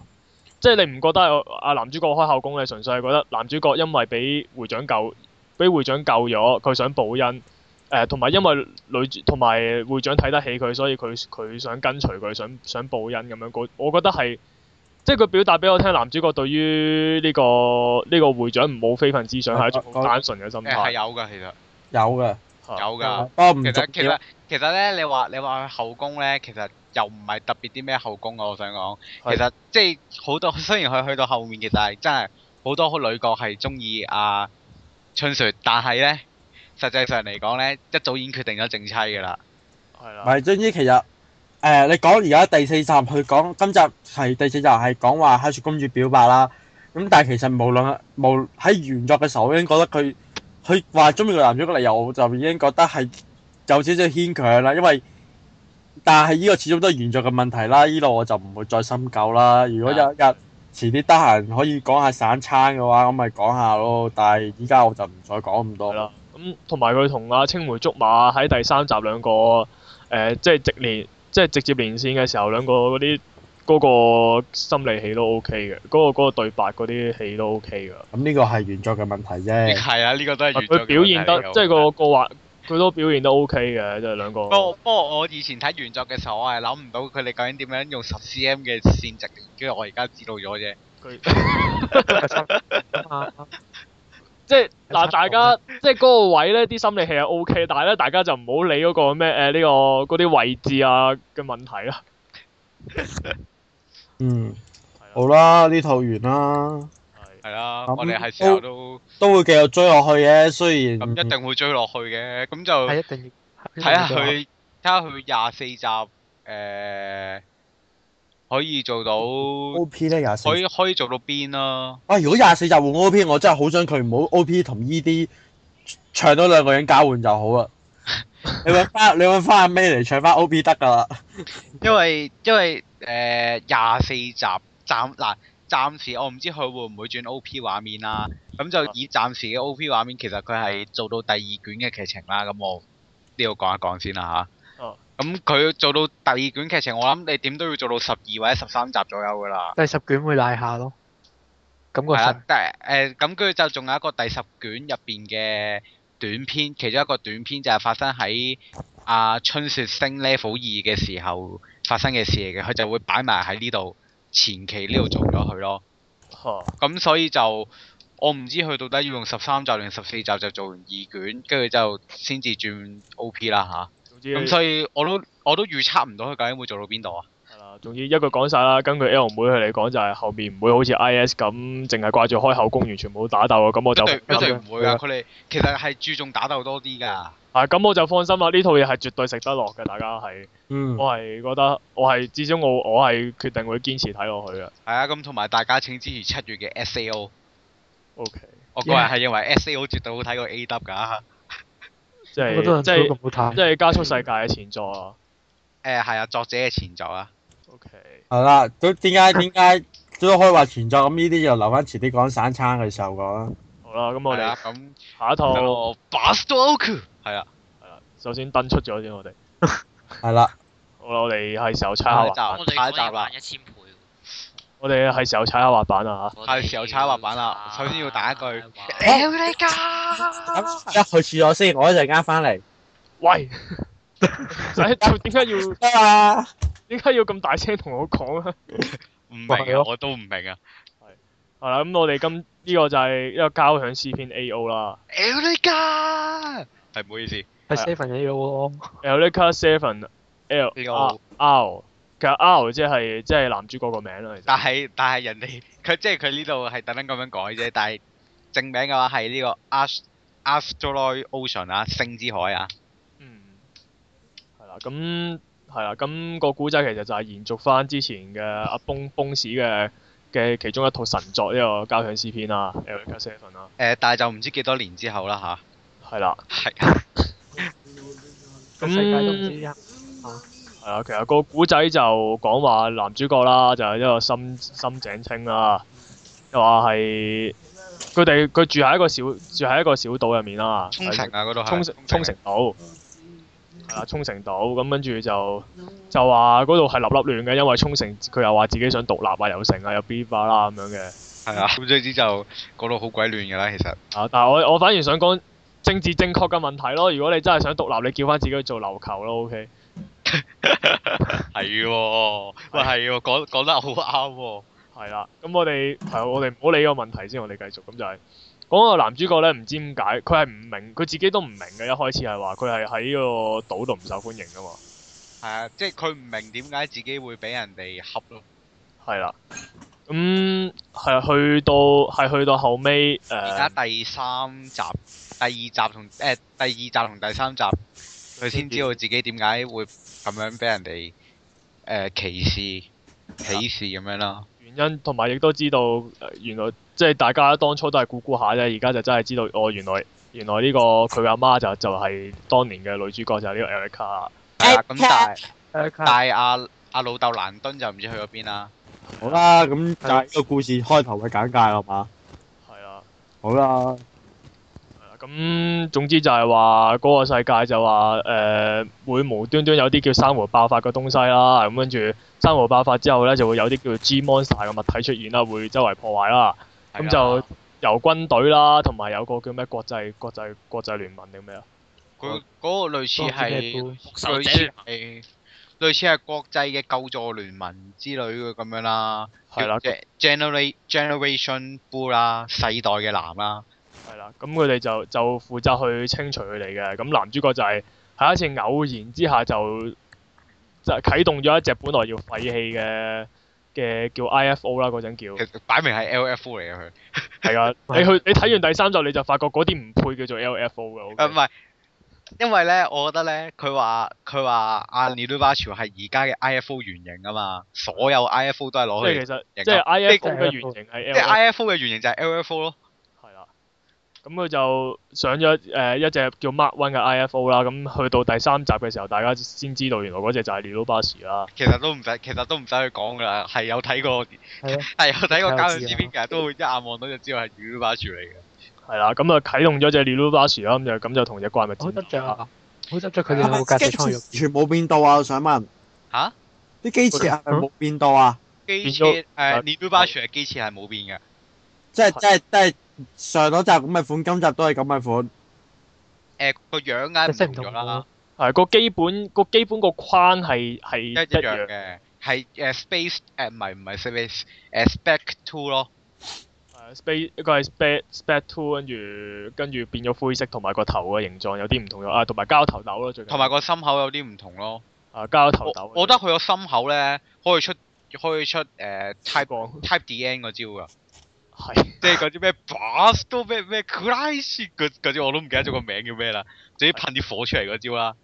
即係你唔覺得阿男主角開後宮嘅，純粹係覺得男主角因為俾會長救，俾會長救咗，佢想報恩，呃、同埋因為女同埋會長睇得起佢，所以佢佢想跟隨佢，想想報恩咁樣我覺得係，即係佢表達俾我聽，男主角對於呢個呢個會長唔冇非分之想，係一種好單純嘅心態。誒係、啊啊、有㗎，其實有㗎。有噶，其實其實其實咧，你話你話佢後宮咧，其實又唔係特別啲咩後宮啊。我想講，其實即係好多，雖然佢去到後面嘅，但係真係好多女角係中意阿春雪，但係咧實際上嚟講咧，一早已經決定咗正妻噶啦。係啦是的。唔係，總之其實誒、呃，你講而家第四集去，去講今集係第四集係講話黑雪公主表白啦。咁但係其實無論無喺原作嘅時候已經覺得佢。佢話中意個男主角嘅理由，我就已經覺得係有少少牽強啦。因為但係呢個始終都係原著嘅問題啦。呢度我就唔會再深究啦。如果有一日遲啲得閒可以講下散餐嘅話，咁咪講下咯。但係依家我就唔再講咁多。咁同埋佢同阿青梅竹馬喺第三集兩個誒，即係直連，即係直接連線嘅時候，兩個嗰啲。嗰個心理戲都 OK 嘅，嗰、嗰個嗰、嗰個、對白嗰啲戲都 OK 嘅。咁呢個係原作嘅問題啫。係啊，呢個都係原作。佢表現得 即係個個話，佢都表現得 OK 嘅，即、就、係、是、兩個不。不過我以前睇原作嘅時候，我係諗唔到佢哋究竟點樣用十 CM 嘅線直。跟住我而家知道咗啫。佢即係嗱、OK，大家即係嗰個位呢啲心理戲係 OK，但係咧大家就唔好理嗰個咩誒呢個嗰啲位置啊嘅問題啦。 嗯，好啦，呢了套完啦，係啦了，嗯、我哋係時候都都，都會繼續追落去嘅，雖然唔、嗯、一定會追落去嘅，咁就一定睇下佢，睇下佢廿四集，誒、呃，可以做到 O P 咧廿四，可以可以做到邊啦、啊？啊，如果廿四集換 O P，我真係好想佢唔好 O P 同 ED 唱咗兩個人交換就好啦。你搵翻，你搵翻阿 May 嚟唱翻 O P 得噶啦，因為因為。誒，廿四、呃、集暫嗱，暫、呃、時我唔、哦、知佢會唔會轉 OP 畫面啊。咁、嗯、就以暫時嘅 OP 畫面，其實佢係做到第二卷嘅劇情啦。咁、嗯、我呢度講一講先啦、啊、吓。咁佢、嗯、做到第二卷劇情，我諗你點都要做到十二或者十三集左右㗎啦。第十卷會瀨下咯。咁個十。第誒，咁、呃、佢就仲有一個第十卷入邊嘅短篇，其中一個短篇就係發生喺阿、呃、春雪星 Level 二嘅時候。發生嘅事嚟嘅，佢就會擺埋喺呢度，前期呢度做咗佢咯。哦。咁 所以就我唔知佢到底要用十三集定十四集就做完二卷，跟住就先至轉 OP 啦，吓。總、啊、之。咁 所以我都我都預測唔到佢究竟會做到邊度啊！仲要一句講晒啦，根據 L 妹佢嚟講就係後面唔會好似 I S 咁淨係掛住開後宮，完全冇打鬥嘅咁我就一陣唔會佢、啊、哋其實係注重打鬥多啲噶。啊，咁我就放心啦，呢套嘢係絕對食得落嘅，大家係、嗯，我係覺得我係至少我我係決定會堅持睇落去嘅。係啊，咁同埋大家請支持七月嘅 S A O。O K。我個人係認為 S A O 絕對好睇過 A W 噶、啊，即係即係即係加速世界嘅前作、啊。誒、嗯，係啊，作者嘅前作啊。O K，係啦，都點解點解都可以話存在咁，呢啲就留翻遲啲講散餐嘅時候講啦。好啦，咁我哋咁下一套。係啊，係啊，首先登出咗先，我哋係啦。好啦，我哋係時候踩下滑板，下一集啦，一千倍。我哋係時候踩下滑板啦吓，係時候踩下滑板啦。首先要打一句。一去住咗先，我一陣間翻嚟。喂，使點解要得啊？點解要咁大聲同我講啊？唔 明啊， 對我都唔明啊。係係啦，咁我哋今呢、這個就係一個交響詩篇 A.O. 啦。Eureka 係唔好意思，係 Seven AO 嘅喎。Eureka Seven L O r, r, r, r，其實 R 即係即係男主角個名啦。但係但係人哋佢即係佢呢度係特登咁樣改啫，但係正名嘅話係呢個 A s t r a l Ocean 啊，星之海啊。嗯，係啦咁。係啦，咁、那個古仔其實就係延續返之前嘅阿崩崩史嘅嘅其中一套神作，呢個《交響詩篇、欸》啊，的《e 但係就唔知幾多年之後啦吓？係啦、 嗯。係。咁世界唔知啊，其實個古仔就講話男主角啦，就係、是、一個深深井清啦，又話係佢哋佢住喺一個小住喺一個小島入面啦。沖繩啊，嗰度係是。沖沖繩島。庭係啊，沖繩島咁跟住就就話嗰度係立立亂嘅，因為沖繩佢又話自己想獨立啊成啊，又成啊，又邊巴啦咁樣嘅。係啊。咁所以就嗰度好鬼亂嘅啦，其實。啊，但係我我反而想講政治正確嘅問題咯。如果你真係想獨立，你叫翻自己去做琉球咯，OK。係喎，喂，係喎，講講得好啱喎。係啦，咁我哋係我哋唔好理個問題先，我哋繼續咁就係。講個男主角咧，唔知點解，佢係唔明，佢自己都唔明嘅。一開始係話佢係喺呢個島度唔受歡迎噶嘛。係啊，即係佢唔明點解自己會俾人哋恰咯。係啦、啊，咁、嗯、係、啊、去到係去到後尾誒。而、呃、家第三集、第二集同誒、呃、第二集同第三集，佢先知道自己點解會咁樣俾人哋誒、呃、歧視、歧視咁樣啦、啊。原因同埋亦都知道，呃、原來。即係大家當初都係估估下啫，而家就真係知道，哦，原來原來呢、這個佢阿媽、媽就就係、是、當年嘅女主角，就係、是、呢個 Erica。咁、啊、大 Erica 阿阿老豆蘭敦就唔知去咗邊啦。好啦、啊，咁但係個故事開頭嘅簡介啦，係嘛？係啊。好啦、啊。咁、啊、總之就係話嗰個世界就話誒、呃、會無端端有啲叫珊瑚爆發嘅東西啦。咁跟住珊瑚爆發之後咧，就會有啲叫 G Monster 嘅物體出現啦，會周圍破壞啦。咁就由軍隊啦，同埋有個叫咩國際國際國際聯盟定咩啊？佢嗰個類似係類似係類似係國際嘅救助聯盟之類嘅咁樣啦。係啦的，Generation Blue 啦，世代嘅藍啦。係啦，咁佢哋就就負責去清除佢哋嘅。咁男主角就係喺一次偶然之下就就係啟動咗一隻本來要廢棄嘅。嘅叫 I.F.O. 啦，嗰陣叫，其實擺明係 L.F.O. 嚟嘅佢，係啊， 你去你睇完第三集你就發覺嗰啲唔配叫做 L.F.O. 嘅，okay? 啊唔係，因為咧我覺得咧佢話佢話阿 Nirvash 係而家嘅 I.F.O. 原型啊嘛，所有 I.F.O. 都係攞去即，即係 I.F.O. 嘅原型係 L.F.O.，即係 I.F.O. 嘅原型就係 L.F.O. 咯。咁佢就上咗誒一隻叫 Mark One 嘅 IFO 啦，咁去到第三集嘅時候，大家先知道原來嗰隻就係 Ludo 巴士啦。其實都唔使，其實都唔使去講噶啦，係有睇過，係有睇過監視片嘅，都會一眼望到就知道係 Ludo 巴士嚟嘅。係啦，咁就啟動咗隻 Ludo 巴士啦，咁就咁就同隻怪物。好執著好執着佢哋冇繼續參全部變到啊！我想問吓？啲機器係冇變到啊？機器誒 Ludo 巴士嘅機器係冇變嘅。即係即係即係上嗰集咁嘅款，今集都係咁嘅款。誒、呃、個樣啱，即係唔同咗啦。係個、嗯、基本個基本個框係係一樣嘅，係誒、uh, space 誒、uh, 唔係唔係 space 誒、uh, spec two t 咯。誒、uh, space 一個係 spec spec two，跟住跟住變咗灰色，同埋個頭嘅形狀有啲唔同咗啊，同埋膠頭豆咯，最近。同埋個心口有啲唔同咯。啊、uh,，膠頭豆。我覺得佢個心口咧可以出可以出誒、uh, type、那個、type D N 嗰招㗎。係，啊、 即係嗰啲咩 burst 都咩咩 crisis 嗰，嗰招我都唔記得咗個名叫咩啦，總之噴啲火出嚟嗰招啦。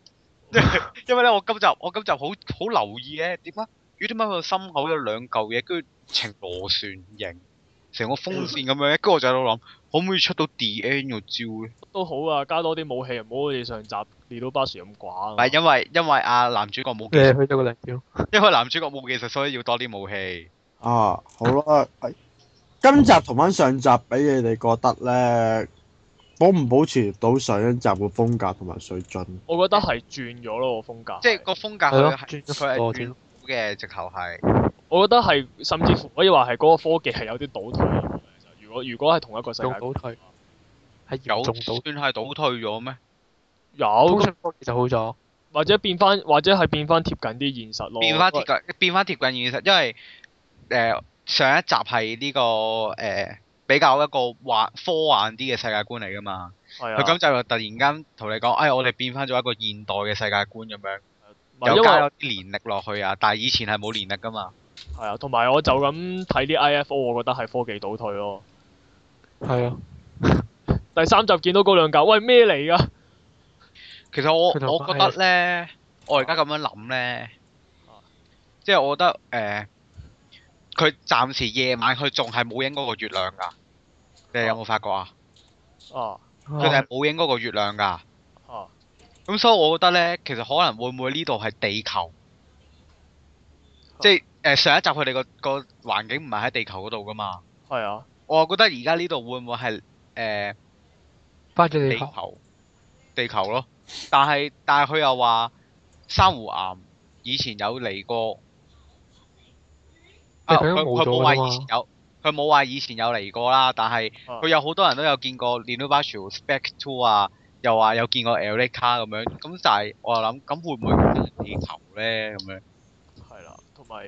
因為咧，我今集我今集好好留意咧，點解？於，點解佢心口有兩嚿嘢，跟住呈螺旋形，成個風扇咁樣咧。跟住 我就喺度諗，可唔可以出到 D N 個招咧？都好啊，加多啲武器，唔好好似上集練到巴士咁寡。唔係，因為，因為阿、啊、男主角冇技術， 因為男主角冇技術，所以要多啲武器。啊，好啦，今集同翻上集比，你哋覺得呢保唔保持到上一集嘅風格同埋水準？我覺得係轉咗咯，個風格。即係個風格佢係轉，佢係轉。嘅直頭係。了我覺得係甚至乎可以話係嗰個科技係有啲倒退。如果如果係同一個世界。倒退。係有。仲倒退？係倒退咗咩？有的。科技就好咗。或者變翻，或者係變翻貼近啲現實咯。變翻貼近，變翻貼近現實，因為誒。呃上一集係呢、這個誒、呃、比較一個幻科幻啲嘅世界觀嚟噶嘛，佢咁就突然間同你講，哎，我哋變翻咗一個現代嘅世界觀咁樣，因為有加入啲年曆落去為啊，但係以前係冇年曆噶嘛。係啊，同埋我就咁睇啲 IFO，我覺得係科技倒退咯。係是啊， 第三集見到嗰兩架，喂咩嚟噶？其實我的我覺得咧，我而家咁樣諗咧，即係我覺得誒。啊啊佢暫時夜晚佢仲係冇影嗰個月亮噶，oh. 你有冇發覺啊？哦，佢哋係冇影嗰個月亮噶。哦，咁所以我覺得咧，其實可能會唔會呢度係地球，oh. 即係誒、呃、上一集佢哋個個環境唔係喺地球嗰度噶嘛。係啊，我覺得而家呢度會唔會係誒返咗地球？地球咯，但係但係佢又話珊瑚岩以前有嚟過。佢冇話以前有，佢冇話以前有嚟過啦。但係佢有好多人都有見過 Ludovico back two 啊，又話有見過 Erika 咁樣。咁就係我又諗，咁會唔會係地球咧？咁樣係啦，同埋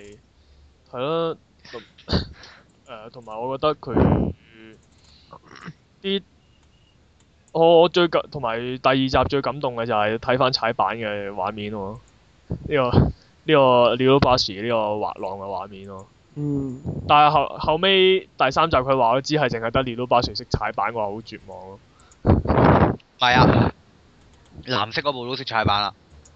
係咯，誒，同埋、 呃、我覺得佢啲我最近同埋第二集最感動嘅就係睇翻踩板嘅畫面喎，呢、呢個呢、呢個 Ludovico 呢個滑浪嘅畫面咯。嗯，但係後後尾第三集佢話我知係淨係得列多巴船識踩板，我話好絕望咯。係啊。藍色嗰部都識踩板啦。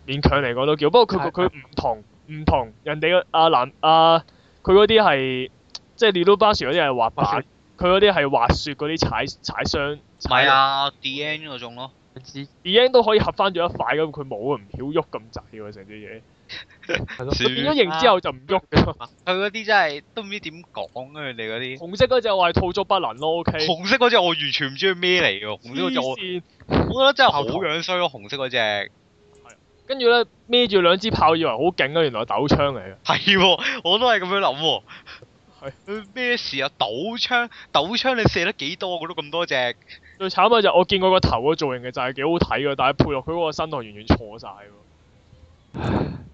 勉強嚟講都叫，不過佢佢唔同唔同人哋個阿藍阿佢嗰啲係，即係列多巴船嗰啲係滑板，佢嗰啲係滑雪嗰啲踩踩傷。係啊，D N 嗰種咯。D N 都可以合翻咗一塊，咁佢冇啊，唔曉喐咁滯喎，成啲嘢。佢變咗形之後就唔喐嘅。佢嗰啲真係都唔知點講啊！佢哋嗰啲紅色嗰隻我係套咗不能咯。OK。紅色嗰隻我完全唔知咩嚟嘅，紅色嗰隻我。我覺得真係好樣衰咯，紅色嗰隻。跟住咧，孭住兩支炮，以為好勁啊！原來係斗槍嚟嘅。係，我都係咁樣諗。係。咩事啊？斗槍，斗槍你射得幾多？我覺得咁多隻。最慘嘅就我見過個頭嘅造型嘅就係幾好睇嘅，但係配落佢嗰個身度，完全錯晒。寒冷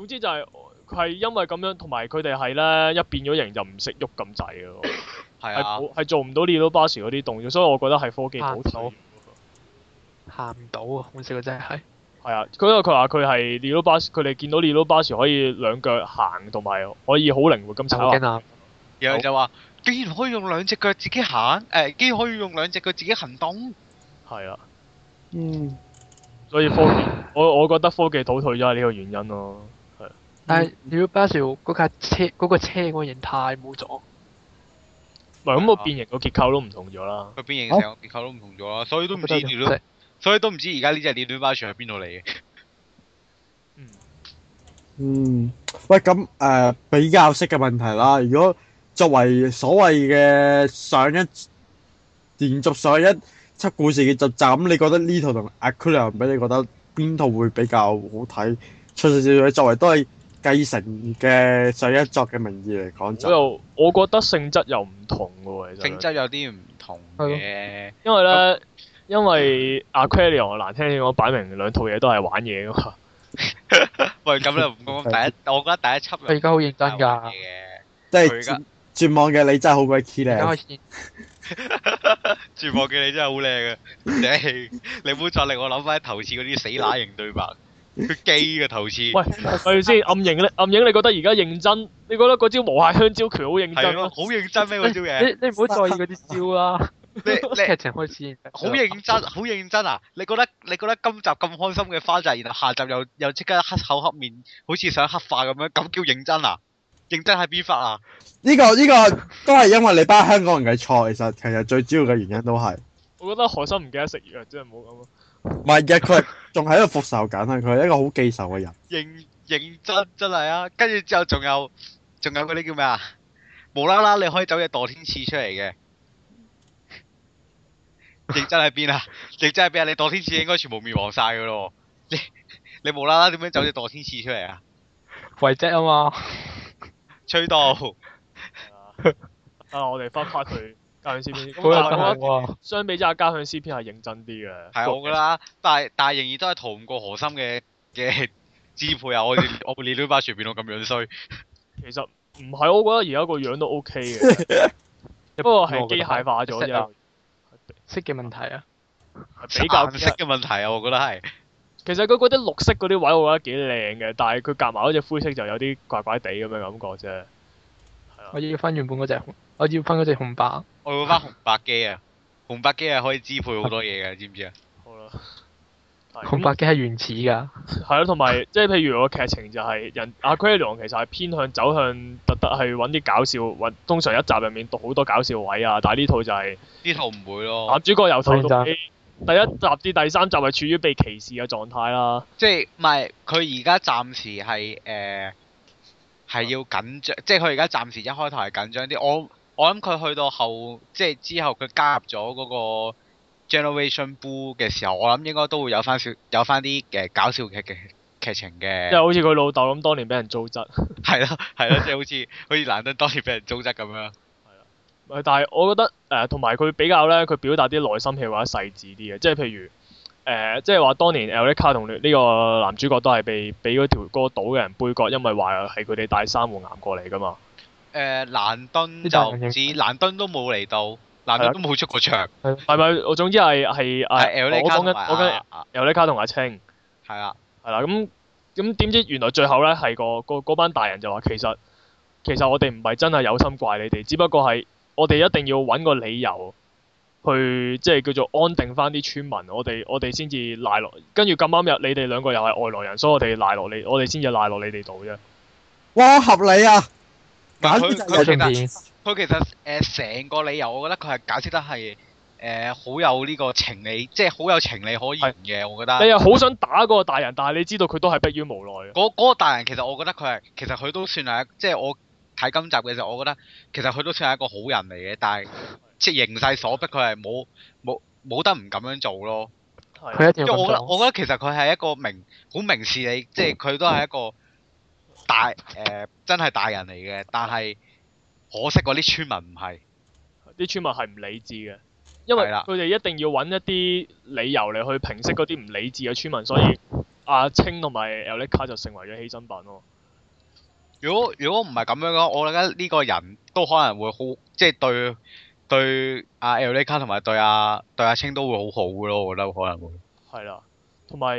總之就係佢係因為咁樣，同埋佢哋係咧一變咗形就唔識喐咁滯咯。係 啊，係做唔到 leo 巴士嗰啲動作，所以我覺得係科技倒退。行唔到啊，冇食佢真係。係、哎、啊，佢因佢話佢係 leo 巴士，佢哋見到 leo 巴士可以兩腳行，同埋可以靈好靈活咁走啊。然後就話，既然可以用兩隻腳自己行，誒、呃，竟然可以用兩隻腳自己行動。係啊。嗯。所以科技，我我覺得科技倒退就係呢個原因咯、啊。但係，鳥、嗯、巴士嗰架車嗰個車個形態冇咗，嗱咁、嗯、個變形，結變形個結構都唔同咗啦。個變形成個結構都唔同咗啦，所以都唔知鳥，所以都唔知而家呢隻鳥巴士係邊度嚟嘅？嗯，嗯，喂，咁誒、呃、比較式嘅問題啦。如果作為所謂嘅上一連續上一出故事嘅集集，錦，你覺得呢套同《Accumulation》俾你覺得邊套會比較好睇？出細少作為都係。繼承嘅上一作嘅名義嚟講就，我覺得性質又唔同喎，性質有啲唔同嘅，因為咧，因為 Aquarium 難聽啲講，擺明兩套嘢都係玩嘢噶嘛。喂，咁你唔講第一，我覺得第一輯，你而家好認真㗎？即係絕望嘅你真係好鬼黐線，絕望嘅你真係好靚嘅，你你唔好再令我諗翻頭次嗰啲死乸型對白。佢機嘅頭次，喂，係先 暗影咧？暗影，你覺得而家認真？你覺得嗰招磨下香蕉拳好認真？咯，好認真咩？嗰招嘢，你你唔好在意嗰啲招啦。你劇情開始，好認真，好認真啊！你覺得你覺得今集咁開心嘅花仔，然後下集又又即刻黑口黑面，好似想黑化咁樣，咁叫認真啊？認真喺邊發啊？呢個呢個都係因為你班香港人嘅錯，其實其實最主要嘅原因都係。我覺得海生唔記得食藥，真係冇咁。唔係呀，佢仲喺度個復仇緊啊，佢係一個好記仇嘅人。認認真真係啊，跟住之後仲有仲有嗰啲叫咩啊？無啦啦你可以走隻墮天使出嚟嘅？認真喺邊啊？認 真喺邊啊？你墮天使應該全部滅亡晒噶咯？你你無啦啦點樣走隻墮天使出嚟啊？遺跡啊嘛，吹到啊！我哋翻返去。加祥 C P，咁但係相比之下，加祥 C P 係認真啲嘅，係好噶啦。但係但係仍然都係逃唔過何心嘅嘅支配啊！我我連到把船變到咁樣衰。其實唔係，我覺得而家個樣都 OK 嘅，不過係機械化咗啫。色嘅問題啊，比較色嘅問題啊，我覺得係。其實佢嗰啲綠色嗰啲位，我覺得幾靚嘅，但係佢夾埋嗰隻灰色就有啲怪怪地咁嘅感覺啫。我要翻原本嗰隻，我要翻嗰隻紅白。我要翻紅白機啊！紅白機係可以支配多 好多嘢嘅，你知唔知啊？好啦。紅白機係原始噶。係咯，同埋即係譬如個劇情就係、是、人阿克雷昂，其實係偏向走向特特去搵啲搞笑，通常一集入面讀好多搞笑位啊。但係呢套就係、是、呢套唔會咯。男主角由頭到 A,、就是、第一集至第三集係處於被歧視嘅狀態啦。即係唔係佢而家暫時係誒。呃係要緊張，即係佢而家暫時一開頭係緊張啲。我我諗佢去到後，即係之後佢加入咗嗰個 Generation Boo 嘅時候，我諗應該都會有翻少有翻啲嘅搞笑劇嘅劇情嘅。即係好似佢老豆咁，當年俾人糟質。係咯係咯，即係、就是、好似 好似蘭德當年俾人糟質咁樣。係啊，但係我覺得誒，同埋佢比較咧，佢表達啲內心戲或者細緻啲嘅，即係譬如。誒，即係話當年艾莉卡同呢個男主角都係被俾嗰條嗰島嘅人背角，因為話係佢哋帶珊瑚岩過嚟噶嘛。誒、呃，蘭敦就，唔知，蘭敦都冇嚟到，蘭敦都冇出過場。係咪、啊？我總之係係誒，我講一，我講一，啊欸、艾莉卡同阿青。係啦、啊。係啦、啊，咁咁點知原來最後咧係個班大人就話其實，其實我哋唔係真係有心怪你哋，只不過係我哋一定要揾個理由。去即係叫做安定翻啲村民，我哋我哋先至賴落，跟住咁啱又你哋兩個又係外來人，所以我哋賴落你，我哋先至賴落你哋度啫。哇！合理啊。解釋得有佢其實誒成、呃、個理由，我覺得佢係解釋得係誒好有呢個情理，即係好有情理可言嘅，是我覺得。你又好想打嗰個大人，但係你知道佢都係迫於無奈。嗰嗰、嗰個大人其實我覺得佢係，其實佢都算係即係我睇今集嘅時候，我覺得其實佢都算係一個好人嚟嘅，但係。即係形勢所逼，佢係冇冇冇得唔咁樣做咯。佢一的，因為我，我覺得其實佢係一個明好明事你，即係佢都係一個大誒、呃、真係大人嚟嘅，但係可惜嗰啲村民唔係，啲村民係唔理智嘅，因為佢哋一定要揾一啲理由嚟去平息嗰啲唔理智嘅村民，所以阿青同埋尤里卡就成為咗犧牲品咯。如果如果唔係咁樣嘅話，我覺得呢個人都可能會好即係對。對阿 Ellyca 同埋對阿、啊、對阿青都會好好嘅咯，我覺得可能會係啦，同埋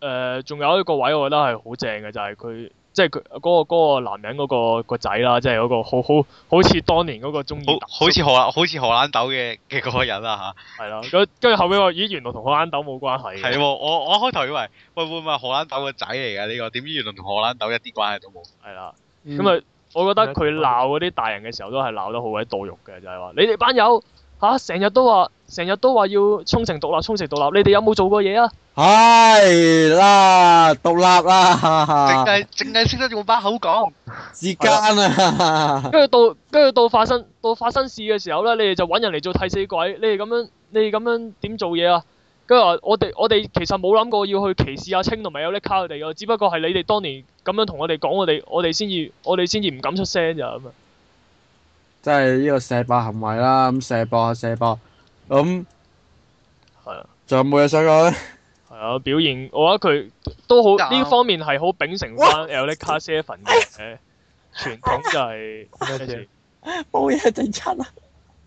誒仲有一個位我覺得係好正嘅就係、是、佢，即係佢嗰個、那個男人嗰、那個、就是那個仔啦，即係嗰個好好好似當年嗰個中意，好似荷好似、啊啊、荷蘭豆嘅嘅嗰個人啊吓，係咯， 跟跟住後尾話，咦，原來同荷蘭豆冇關係嘅，係喎，我我開頭以為喂，會唔會係荷蘭豆嘅仔嚟噶呢個，點知原來同荷蘭豆一啲關係都冇，係啦咁啊。我覺得佢鬧嗰啲大人嘅時候都係鬧得好鬼墮肉嘅，就係話你哋班友嚇成日都話成日都話要沖繩獨立，沖繩獨立，你哋有冇做過嘢啊？係啦，獨立啦！淨係淨係識得用把口講，時間啊！跟住了 到跟住到發生到發生事嘅時候咧，你哋就揾人嚟做替死鬼，你哋咁樣你哋咁樣點做嘢啊？跟住話，我哋我哋其實冇諗過要去歧視阿青同埋 L 卡佢哋㗎，只不過係你哋當年咁樣同我哋講，我哋我哋先至我哋先至唔敢出聲咋嘛。即係呢個射爆行為啦，咁射爆啊射爆，咁係啊，仲是的 有冇嘢想講咧？係啊，表現我覺得佢都好呢方面係好秉承翻 L 卡 Seven 嘅傳統就係咩事？冇嘢整親啊！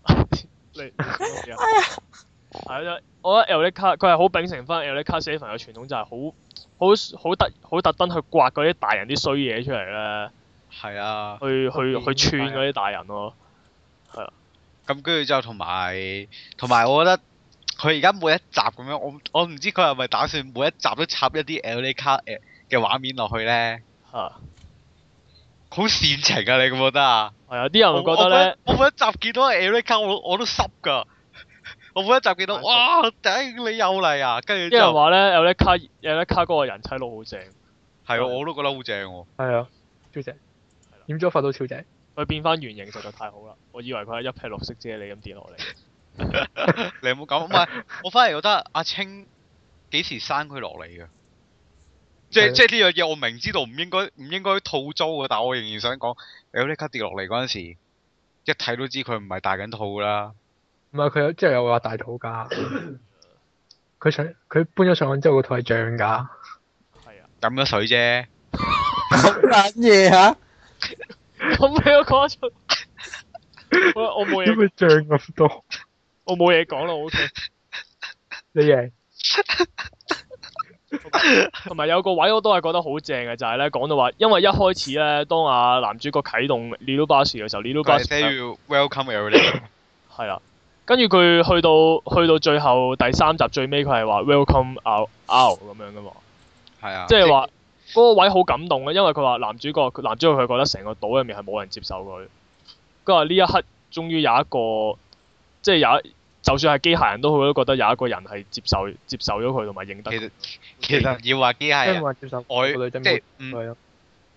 你哎呀～係啊，我覺得《艾莉卡》佢係好秉承翻《艾莉卡》Seven 嘅傳統，就係好好好特好特登去刮嗰啲大人啲衰嘢出嚟咧。係啊。去去去，串嗰啲大人咯。係啊、嗯。咁跟住之後，同埋同埋，我覺得佢而家每一集咁樣，我我唔知佢係咪打算每一集都插一啲《艾莉卡》嘅嘅畫面落去咧。嚇、啊！好煽情啊！你覺得啊？係啊！啲人會覺得咧，我，我， 我每一集見到《艾莉卡》我，我我都濕㗎。我每一集見到，哇頂你又嚟啊！跟住，啲人話咧，有啲卡，有啲卡哥嘅人妻 look 好正，係對對啊，我都覺得好正喎。係啊，超正，染咗髮到超正。佢了變翻原形實在太好啦！我以為佢係一撇綠色啫喱咁跌落嚟。 你唔好講，唔係 我反而覺得阿青幾時生佢落嚟噶？即係即係呢樣嘢，就是、我明知道唔應該唔應該吐槽嘅，但係我仍然想講，有啲卡跌落嚟嗰陣時，一睇都知佢唔係大緊套啦。唔係，佢有即係有個大肚㗎，佢上佢搬咗上岸之後個肚係漲噶，係啊，飲咗水啫，咁捻嘢啊！咁你又講我冇嘢，點會漲咁多？我冇嘢講咯，O K，你贏，同埋有個位我都係覺得好正嘅，就係咧講到話，因為一開始咧，當阿男主角啟動 Lilo 巴士嘅時候，Lilo 巴士，係啊。 跟住佢去到去到最後第三集最尾，佢係話 Welcome out out 咁樣噶嘛，係啊， 即係話嗰個位好感動啊，因為佢話男主角，男主角佢覺得成個島入面係冇人接受佢，佢話呢一刻終於有一個，即係有就算係機械人都佢都覺得有一個人係接受接受咗佢同埋認得佢。其實其實要話機械人接受愛我即係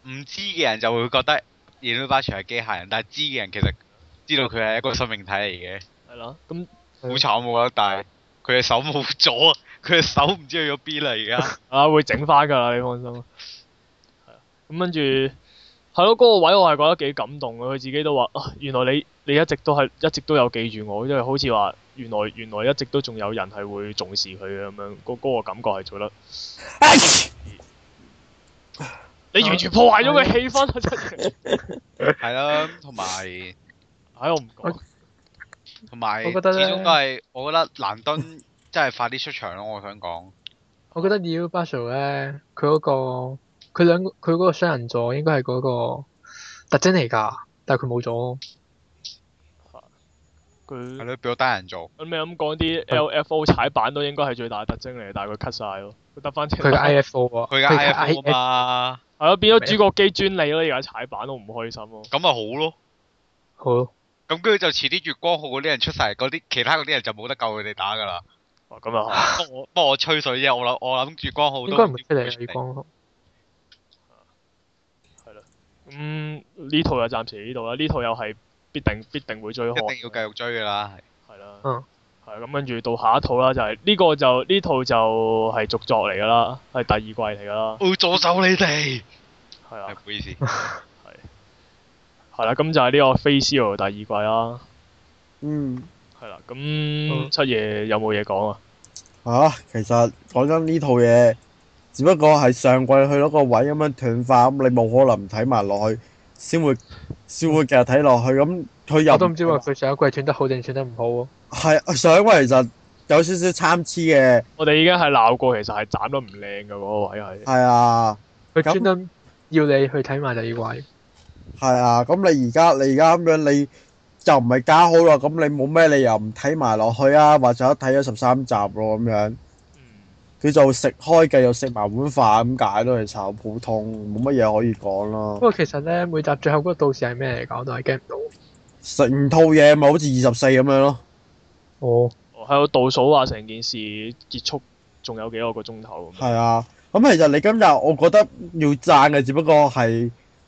唔知嘅人就會覺得葉羅拉係機械人，但係知嘅人其實知道佢係一個生命體嚟嘅。係咯，咁好慘啊！但係佢嘅手冇咗啊，佢嘅手唔知去咗邊啦而家。啊，會整翻噶啦，你放心。係啊，咁跟住係咯，嗰個位我係覺得幾感動嘅。佢自己都話，啊，原來你你一直都係一直都有記住我，因為好似話原來原來一直都仲有人係會重視佢嘅咁樣。嗰嗰個感覺係做得。你完全破壞咗個氣氛啊！真係。係啦，同埋，唉，我唔講。同埋，我覺得咧，始終都係我覺得蘭敦真係快啲出場咯。我想講， 我覺得 Eubasol、so、咧，佢嗰、嗰個佢兩佢嗰個雙人座應該係嗰個特徵嚟㗎，但係佢冇咗。佢係咯，變咗單人座。咁你咁講啲 LFO 踩板都應該係最大嘅特徵嚟，但係佢 cut 晒咯，佢得翻。佢嘅 IFO 啊，佢嘅 IFO 嘛。係咯，變咗主角機專利咯，而家踩板都唔開心咯。咁咪好咯，好。咁跟住就遲啲月光號嗰啲人出世，嗰啲其他嗰啲人就冇得救佢哋打㗎啦。哦，咁啊，幫、啊、我幫 我吹水啫，我諗我諗月光號應該唔出嚟月光號。係咯、嗯。咁呢套又暫時呢度啦，呢套又係必定必定會追開。一定要繼續追㗎啦，係。係啦的。嗯、啊。咁跟住到下一套啦、就係，就係呢個就呢套就係續作嚟㗎啦，係第二季嚟㗎啦。會助手你哋。係啊。 係唔好意思。 係啦，咁就係呢個《Face Off》第二季啦。嗯。係啦、嗯，咁、嗯、七夜有冇嘢講啊？嚇，其實講緊呢套嘢，只不過係上季去到個位咁樣斷化，咁你冇可能唔睇埋落去，先會先會繼續睇落去。咁佢又我都唔知話佢嗎上一季斷得好定斷得唔好喎。係、啊、上一季其實有少少參差嘅。我哋已經係鬧過，其實係斬得唔靚嘅嗰個位係。係啊，佢專登那要你去睇埋第二位。係啊，咁你而家你而家咁樣，你就唔係加好啦。咁你冇咩理由唔睇埋落去啊？或者睇咗十三集咯咁樣。佢就食開計，又食埋碗飯咁解咯。係好普通，冇乜嘢可以講咯。不過其實咧，每集最後嗰個倒數係咩嚟噶？我都係驚唔到。成套嘢咪好似二十四咁樣咯。哦。哦，喺度倒數啊，成件事結束仲有幾個個鐘頭。係啊，咁其實你今日我覺得要讚嘅，只不過係。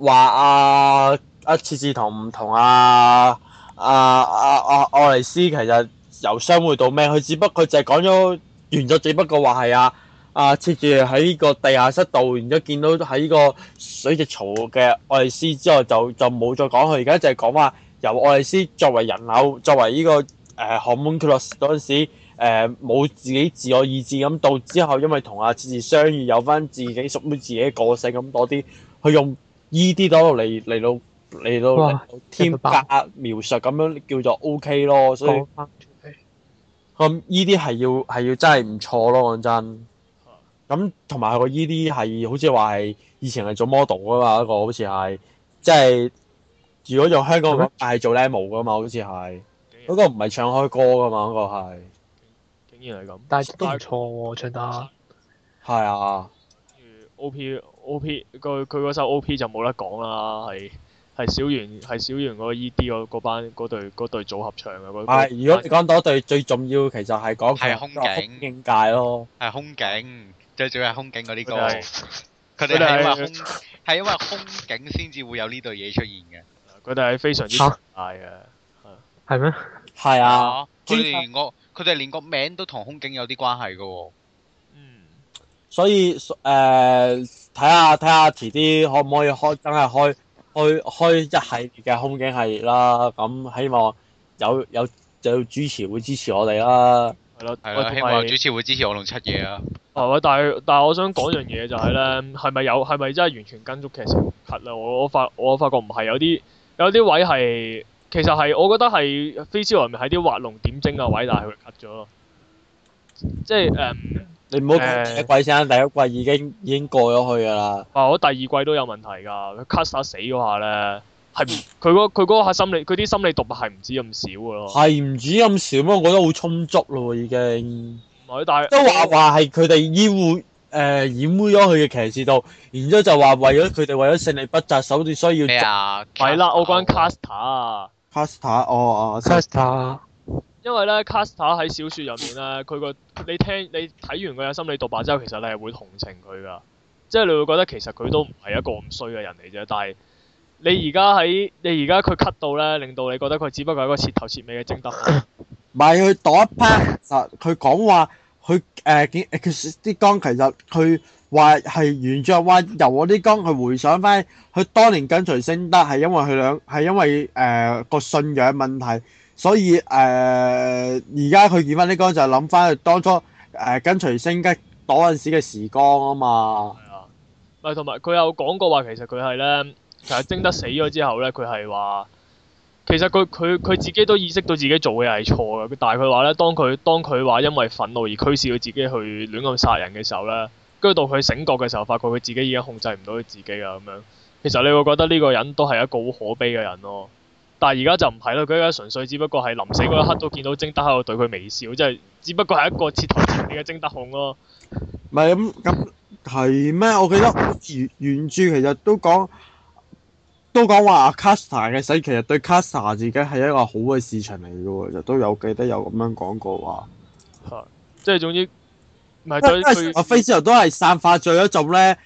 話阿阿設治同唔同阿阿阿阿愛麗絲其實由相會到咩？佢只不過就係講咗完咗，只不過話係阿阿設治喺個地下室度，然之後見到喺呢個水池槽嘅愛麗絲之後，就就冇再講，佢而家就係講話由愛麗絲作為人偶，作為呢、呢個誒、呃《Homunculus 嗰陣時冇、呃、自己自我意志咁到之後，因為同阿設治相遇有翻自己屬於自己個性咁多啲，佢用。e 啲攞嚟嚟到嚟到哇添加描述咁樣叫做 O.K. 咯，好所以咁依啲係要係要真係唔錯咯講真。咁同埋個依啲係好似話係以前係做 model 噶嘛，嗰個好似係，即係如果用香港係做 lemo 噶嘛，好似係嗰個唔係唱開歌噶嘛，嗰、嗰個係竟然係咁，但係都唔錯喎，唱得的係啊。譬如 O.P. O.P. 佢，佢嗰首 O.P. 就冇得講啦，係係小圓係小圓嗰 E.D. 嗰，嗰班嗰對，嗰對組合唱嘅。係，如果你講多對，最重要其實係講佢嘅空境界咯。係空境，最主要係空境嗰啲歌。佢哋係因為空，係因為空境先至會有呢對嘢出現嘅。佢哋係非常之大嘅。係咩？係啊。佢哋連個佢哋連個名都同空境有啲關係嘅。嗯。所以誒。睇下睇下遲啲可唔可以開真係開開開一系列嘅空警系列啦，咁希望有有就主持會支持我哋啦。係咯，係咯的，有希望主持會支持我同七爺啊。係咪、哦？但係但係，我想講樣嘢就係、是、咧，係咪有係咪真係完全跟足劇情 cut 我我發我發覺，唔係，有啲有啲位係其實係我覺得係飛霄雲喺啲畫龍點睛嘅位，但係佢 cut 咗，即係誒。Um, 你唔好，第一季先，第一季已經已經過咗去噶啦。啊，我第二季都有問題噶，佢 Caster 死嗰下咧，係佢嗰佢下心理，佢啲心理毒物係唔止咁少噶咯。係唔止咁少，咁我覺得好充足咯，已經。係，但都話話係佢哋掩誒掩埋咗佢嘅騎士道，然之後就話為咗佢哋為咗勝利不擇手段，需要咩啊、哎？係啦，我講 Caster Caster 哦哦。Caster 因為咧，卡斯塔喺小說入面咧，佢個你聽你睇完佢有心理獨白之後，其實你係會同情佢噶，即係你會覺得其實佢都唔係一個咁衰嘅人嚟啫。但係你而家喺你而家佢 cut 到咧，令到你覺得佢只不過係一個徹頭徹尾嘅徵德。唔係佢躲一 part 啊！佢講話佢誒見啲江，其實佢話係原著話由嗰啲江去回想返，佢當年跟隨徵德係因為佢兩係因為誒個信仰問題。所以誒、呃呃啊，而家佢見翻呢個就係諗翻佢當初誒跟隨升吉嗰陣時嘅時光啊嘛。係啊，唔係同埋佢有講過話，其實佢係咧，其實徵得死咗之後咧，佢係話其實佢佢佢自己都意識到自己做嘅係錯嘅。但係佢話咧，當佢當佢話因為憤怒而驅使佢自己去亂咁殺人嘅時候咧，跟住到佢醒覺嘅時候，發覺佢自己已經控制唔到佢自己啊咁樣。其實你會覺得呢個人都係一個好可悲嘅人咯。但係而家就唔係咯，佢而家純粹只不過係臨死嗰一刻都見到貞德喺度對佢微笑，即係只不過係一個徹頭徹尾嘅貞德控咯。唔係咁咁係咩？我記得我原著其實都講，都講話阿 Caster 嘅死其實對 Caster 自己係一個好嘅事情嚟嘅喎，亦都有記得有咁樣講過話。係、啊，即係總之，唔係。阿菲斯尤都係散發咗一種咧。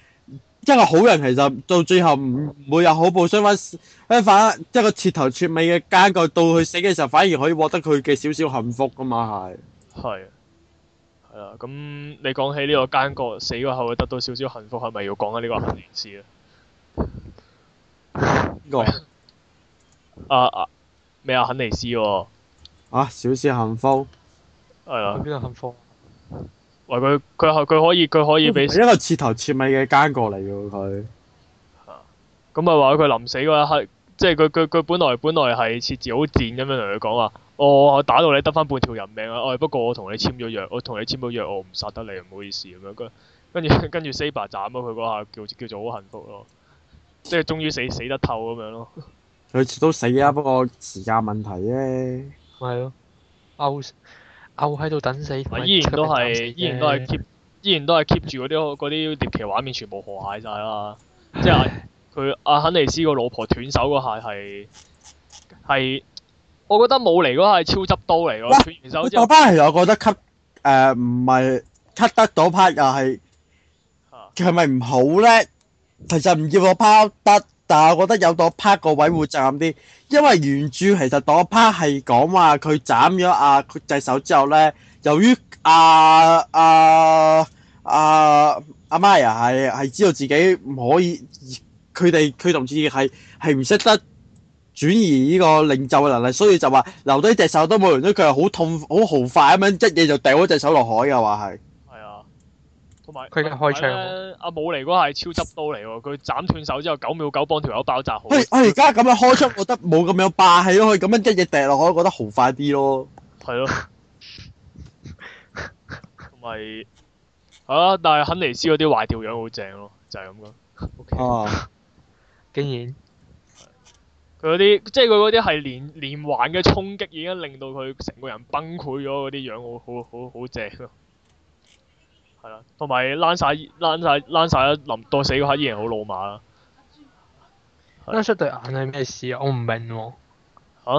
一個好人其實到最後唔唔會有好報相反，一個徹頭徹尾嘅奸角到佢死嘅時候反而可以獲得佢嘅少少幸福㗎嘛係。係。係啊，咁你講起呢個奸角死咗後會得到少少幸福，係咪要講緊呢個肯尼斯 啊？邊個？啊啊！咩啊？肯尼斯喎、哦。啊！少少幸福。係啊的。邊度幸福。喂，佢佢係佢可以佢可以俾一個徹頭徹尾嘅奸過嚟嘅佢，咁咪話佢臨死嗰一刻，即係佢佢佢本來本來係設置好賤咁樣同佢講話，我、哦、打到你得返半條人命啊、哦！我不過我同你簽咗約，我同你簽咗約，我唔殺得你唔好意思咁樣。跟跟住跟住 Saber 斬咗佢嗰下，叫叫做好幸福咯，即係終於死死得透咁、嗯、樣咯。佢都死啊，不過時間問題啫。咪係咯。漚喺度等死，依然都係，依然都係 keep，、欸、依然都係 keep 住嗰啲嗰啲獵奇畫面全部河蟹晒啦。 即係佢阿肯尼斯個老婆斷手嗰下係係，我覺得冇嚟嗰下超執刀嚟噶。斷哇完手之後，其實我翻嚟又覺得 cut，誒唔係 cut 得到 part 又係，佢係咪唔好咧？其實唔要我拋得。但我覺得有朵 part 個位會震撼啲，因為原著其實朵 part 係講話佢斬咗阿佢隻手之後咧，由於阿阿阿阿 Maya 係係知道自己唔可以，佢哋佢同事係係唔識得轉移呢個領袖嘅能力，所以就話留低隻手都冇用，因為佢係好痛好豪快咁樣一嘢就掉咗隻手落海嘅話係。同埋佢而家開槍，阿武嚟，如果係超級刀嚟喎，佢斬斷手之後九秒九幫條友包紮。好 ix。我而家咁樣開槍，我覺得冇咁樣霸氣咯。佢咁樣一嘢掟落，我覺得豪快啲咯。係咯，同埋嚇，但係肯尼斯嗰啲壞掉樣好正咯，就係咁咯。哦，竟然佢嗰啲即係佢嗰啲係連連環嘅衝擊，已經令到佢成個人崩潰咗。嗰啲樣好好好好正。係啦，同埋攔晒，攔晒，攔晒。臨到死嗰刻，依然好老馬啦。攔晒對眼係咩事啊？我唔明喎。啊，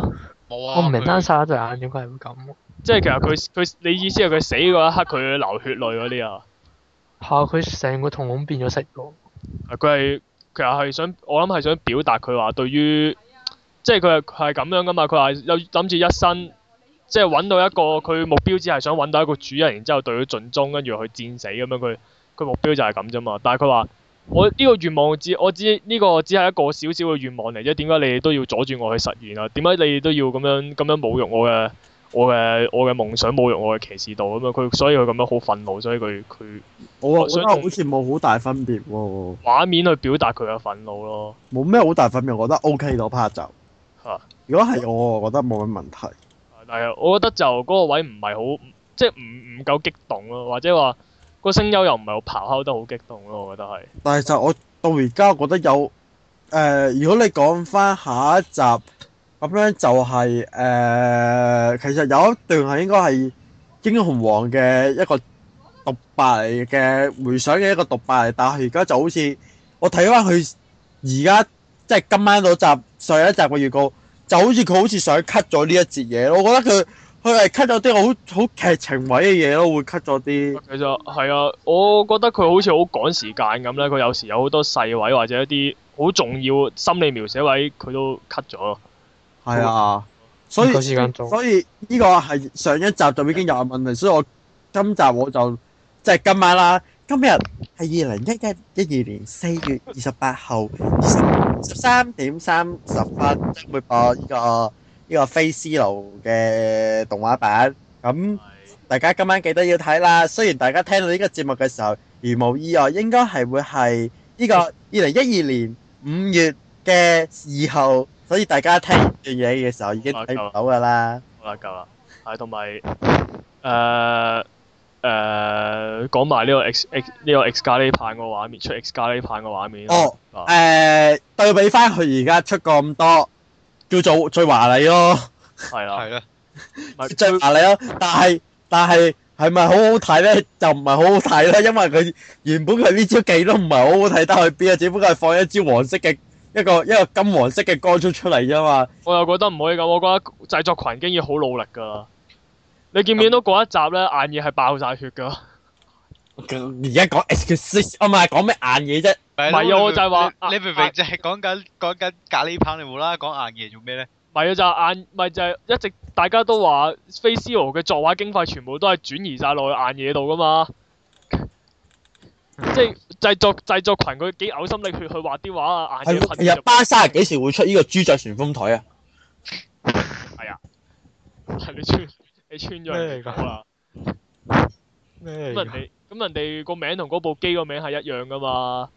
冇、哦、們啊！我唔明攔晒一對眼點解係會咁。即係其實佢佢你意思係佢死嗰一刻佢流血淚嗰啲啊？嚇！佢成個瞳孔變咗色喎。啊！佢係其實係想我諗係想表達佢話對於，即係佢係係咁樣噶嘛？佢話有諗住一生。即係揾到一個佢目標只係想揾到一個主人，然之後對佢盡忠，跟住去戰死咁樣。佢佢目標就係咁啫嘛。但係佢話我呢個願望只我只呢、這個只係一個小小嘅願望嚟啫。點解你都要阻住我去實現啊？點解你都要咁樣咁樣侮辱我嘅我嘅我嘅夢想，侮辱我嘅騎士道？咁樣？佢所以佢咁樣好憤怒，所以佢佢我覺我想好似冇好大分別喎、哦。畫面去表達佢嘅憤怒咯，冇咩好大分別。我覺得 OK 咯，part 就吓。 如果係我，我覺得冇乜問題。係啊，我覺得就嗰個位唔係好，即係唔唔夠激動咯，或者話個聲優又唔係好咆哮得好激動咯，我覺得係。但係就我到而家我覺得有誒，如果你講翻下一集咁樣，就係誒，其實有一段係應該係英雄王嘅一個獨白嚟嘅回想嘅一個獨白嚟，但係而家就好似我睇翻佢而家即係今晚嗰集上一集嘅預告。就好似佢好似想 cut 咗呢一節嘢，我覺得佢佢係 cut 咗啲好好劇情位嘅嘢咯，會 cut 咗啲。其實係啊，我覺得佢好似好趕時間咁咧，佢有時有好多細位或者一啲好重要心理描寫位，佢都 cut 咗。係啊，所以時間，所以呢個係上一集就已經有問題，所以我今集我就即係今晚啦。今日係二零一一一二年四月二十八號。十三點三十分會播呢個呢個飛絲流嘅動畫版，咁大家今晚記得要睇啦。雖然大家聽到呢個節目嘅時候，如無意外，應該係會係呢個二零一二年五月嘅二號，所以大家聽呢樣嘢嘅時候已經睇唔到噶啦。好啦，夠啦，係同埋誒。誒，講埋呢個 X X 呢個 X 咖喱棒個畫面，出 X 咖喱棒個畫面。哦，誒、啊呃，對比翻佢而家出咁多，叫做最華麗咯。係啦。係啦。最華麗咯，但係但係係咪好好睇咧？就唔係好好睇咧，因為佢原本佢呢招技都唔係好好睇得去邊啊，只不過係放一支黃色嘅一個一個金黃色嘅光出出嚟啫嘛。我又覺得唔可以咁，我覺得製作群已經好努力噶啦。你見唔見到嗰一集咧？眼嘢係爆晒血噶。而家講唔係講咩眼嘢啫。唔係啊，我就係話，你明明就係講緊講緊咖喱棒，你冇啦啦講眼嘢做咩咧？唔係啊，就係眼，唔係就係一直大家都話菲思豪嘅作畫經費全部都係轉移晒落去眼嘢度噶嘛。即係製作製作群，佢幾嘔心瀝血去畫啲畫啊！眼嘢噴就係啊！八三啊，幾時會出呢個豬仔旋風台啊？係啊，係你最～你穿咗嚟嘅啦。咁、這個、人哋咁人哋個名同嗰部機個名係一樣噶嘛？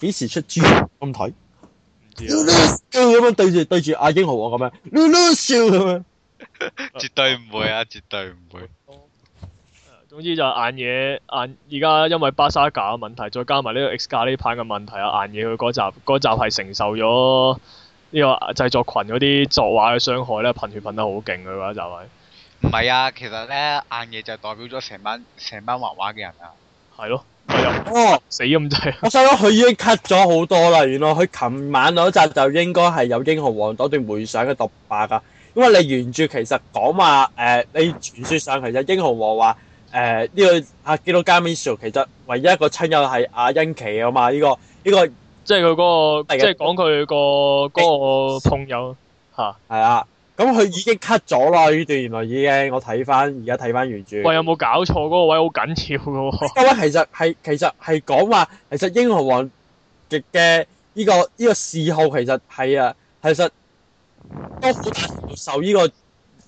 幾時出豬？咁睇。咁樣、啊、 對住對住阿英豪王咁樣，笑咁樣。絕對唔會啊！絕對唔會。 總之就係眼嘢眼，而家因為巴沙加嘅問題，再加埋呢個 X 加呢派嘅問題啊！眼嘢佢嗰集嗰集係承受咗呢個製作群嗰啲作畫嘅傷害咧，噴血噴得好勁佢話就係。唔係啊，其實咧，眼嘢就代表咗成班成班畫畫嘅人啊。係咯，係、哎、啊，哦， 死咁真我細佬佢已經 cut 咗好多啦，原來佢琴晚嗰集就應該係有《英雄王》嗰段回想嘅獨白噶，因為你原著其實講話誒，你傳說上其實《英雄王》話誒呢個啊基到加 a m i 其實唯一一個親友係阿恩奇啊嘛，呢、這個呢、這個即係佢嗰個的即係講佢個嗰、欸、個朋友吓，係啊的。啊啊咁佢、嗯、已經 cut 咗啦，呢段原來已經我睇翻，而家睇翻原著。喂，有冇搞錯嗰個位好緊要嘅喎？嗰位其實係其實係講話，其實英雄王極嘅呢個呢個嗜好其實係啊，其實都好大程度受呢個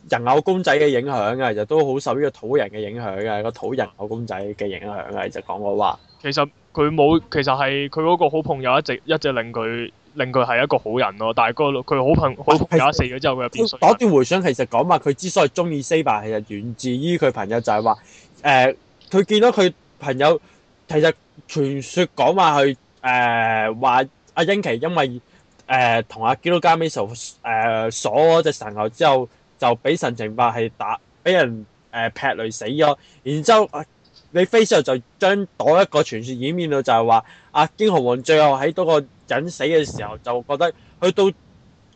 人偶公仔嘅影響啊，其實都好受呢個土人嘅影響嘅，個土人偶公仔嘅影響啊，就講過話。其實。佢冇，其實係佢嗰個好朋友一直一直令佢令佢係一個好人咯。但係嗰佢好朋友而家的死咗之後，佢又變咗。段回想其實講話佢之所以中意 Saber，其實源自於佢朋友就係話誒，佢、呃、見到佢朋友其實傳説講話佢誒話阿英奇因為誒同、呃、阿基魯加米索誒鎖嗰隻神牛之後，就俾神情化係打俾人誒、呃、劈雷死咗，然之後。呃你 Fate 就將嗰一個傳説演變到就係話，阿英雄王最後喺嗰個人死嘅時候就覺得，佢到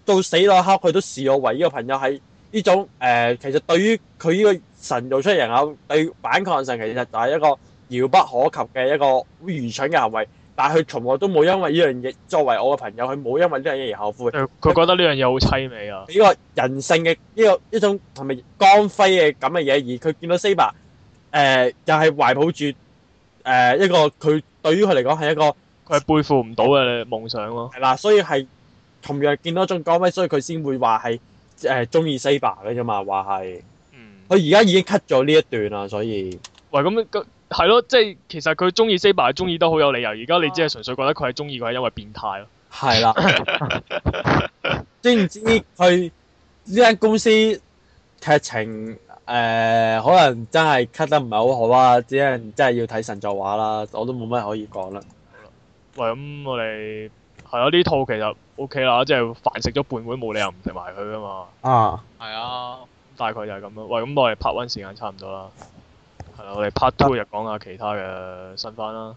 到死嗰刻佢都視我為呢個朋友，係呢種誒、呃、其實對於佢呢個神造出嚟嘅人，對反抗神其實就係一個遙不可及嘅一個愚蠢嘅行為。但係佢從來都冇因為呢樣嘢作為我嘅朋友，佢冇因為呢樣嘢而後悔。佢覺得呢樣嘢好凄美啊！呢個人性嘅呢、呢個一種同埋光輝嘅咁嘅嘢，而佢見到 Saber。誒又係懷抱住誒、呃、一個佢對於佢嚟講係一個佢係背負唔到嘅夢想咯、啊。係啦，所以係同樣見到種講乜，所以佢先會話係誒中意 Saber 嘅啫嘛，話、呃、係。嗯。佢而家已經 cut 咗呢一段啦，所以。喂，咁係咯，即係、就是、其實佢中意 Saber 中意都好有理由，而家你只係純粹覺得佢係中意佢係因為變態咯。係啦 對了。唔 知佢呢間公司劇情？誒，uh, 可能真係 cut 得唔係好好啊，只係真係要睇神作畫啦，我都冇乜可以講啦。喂，咁我哋係啊，呢套其實 OK 啦，即係飯食咗半碗，冇理由唔食埋佢噶嘛。啊，係啊，大概就係咁樣。喂，咁我哋 part one 時間差唔多啦。係啦，我哋 part two 又講下其他嘅新番啦。啊，啊，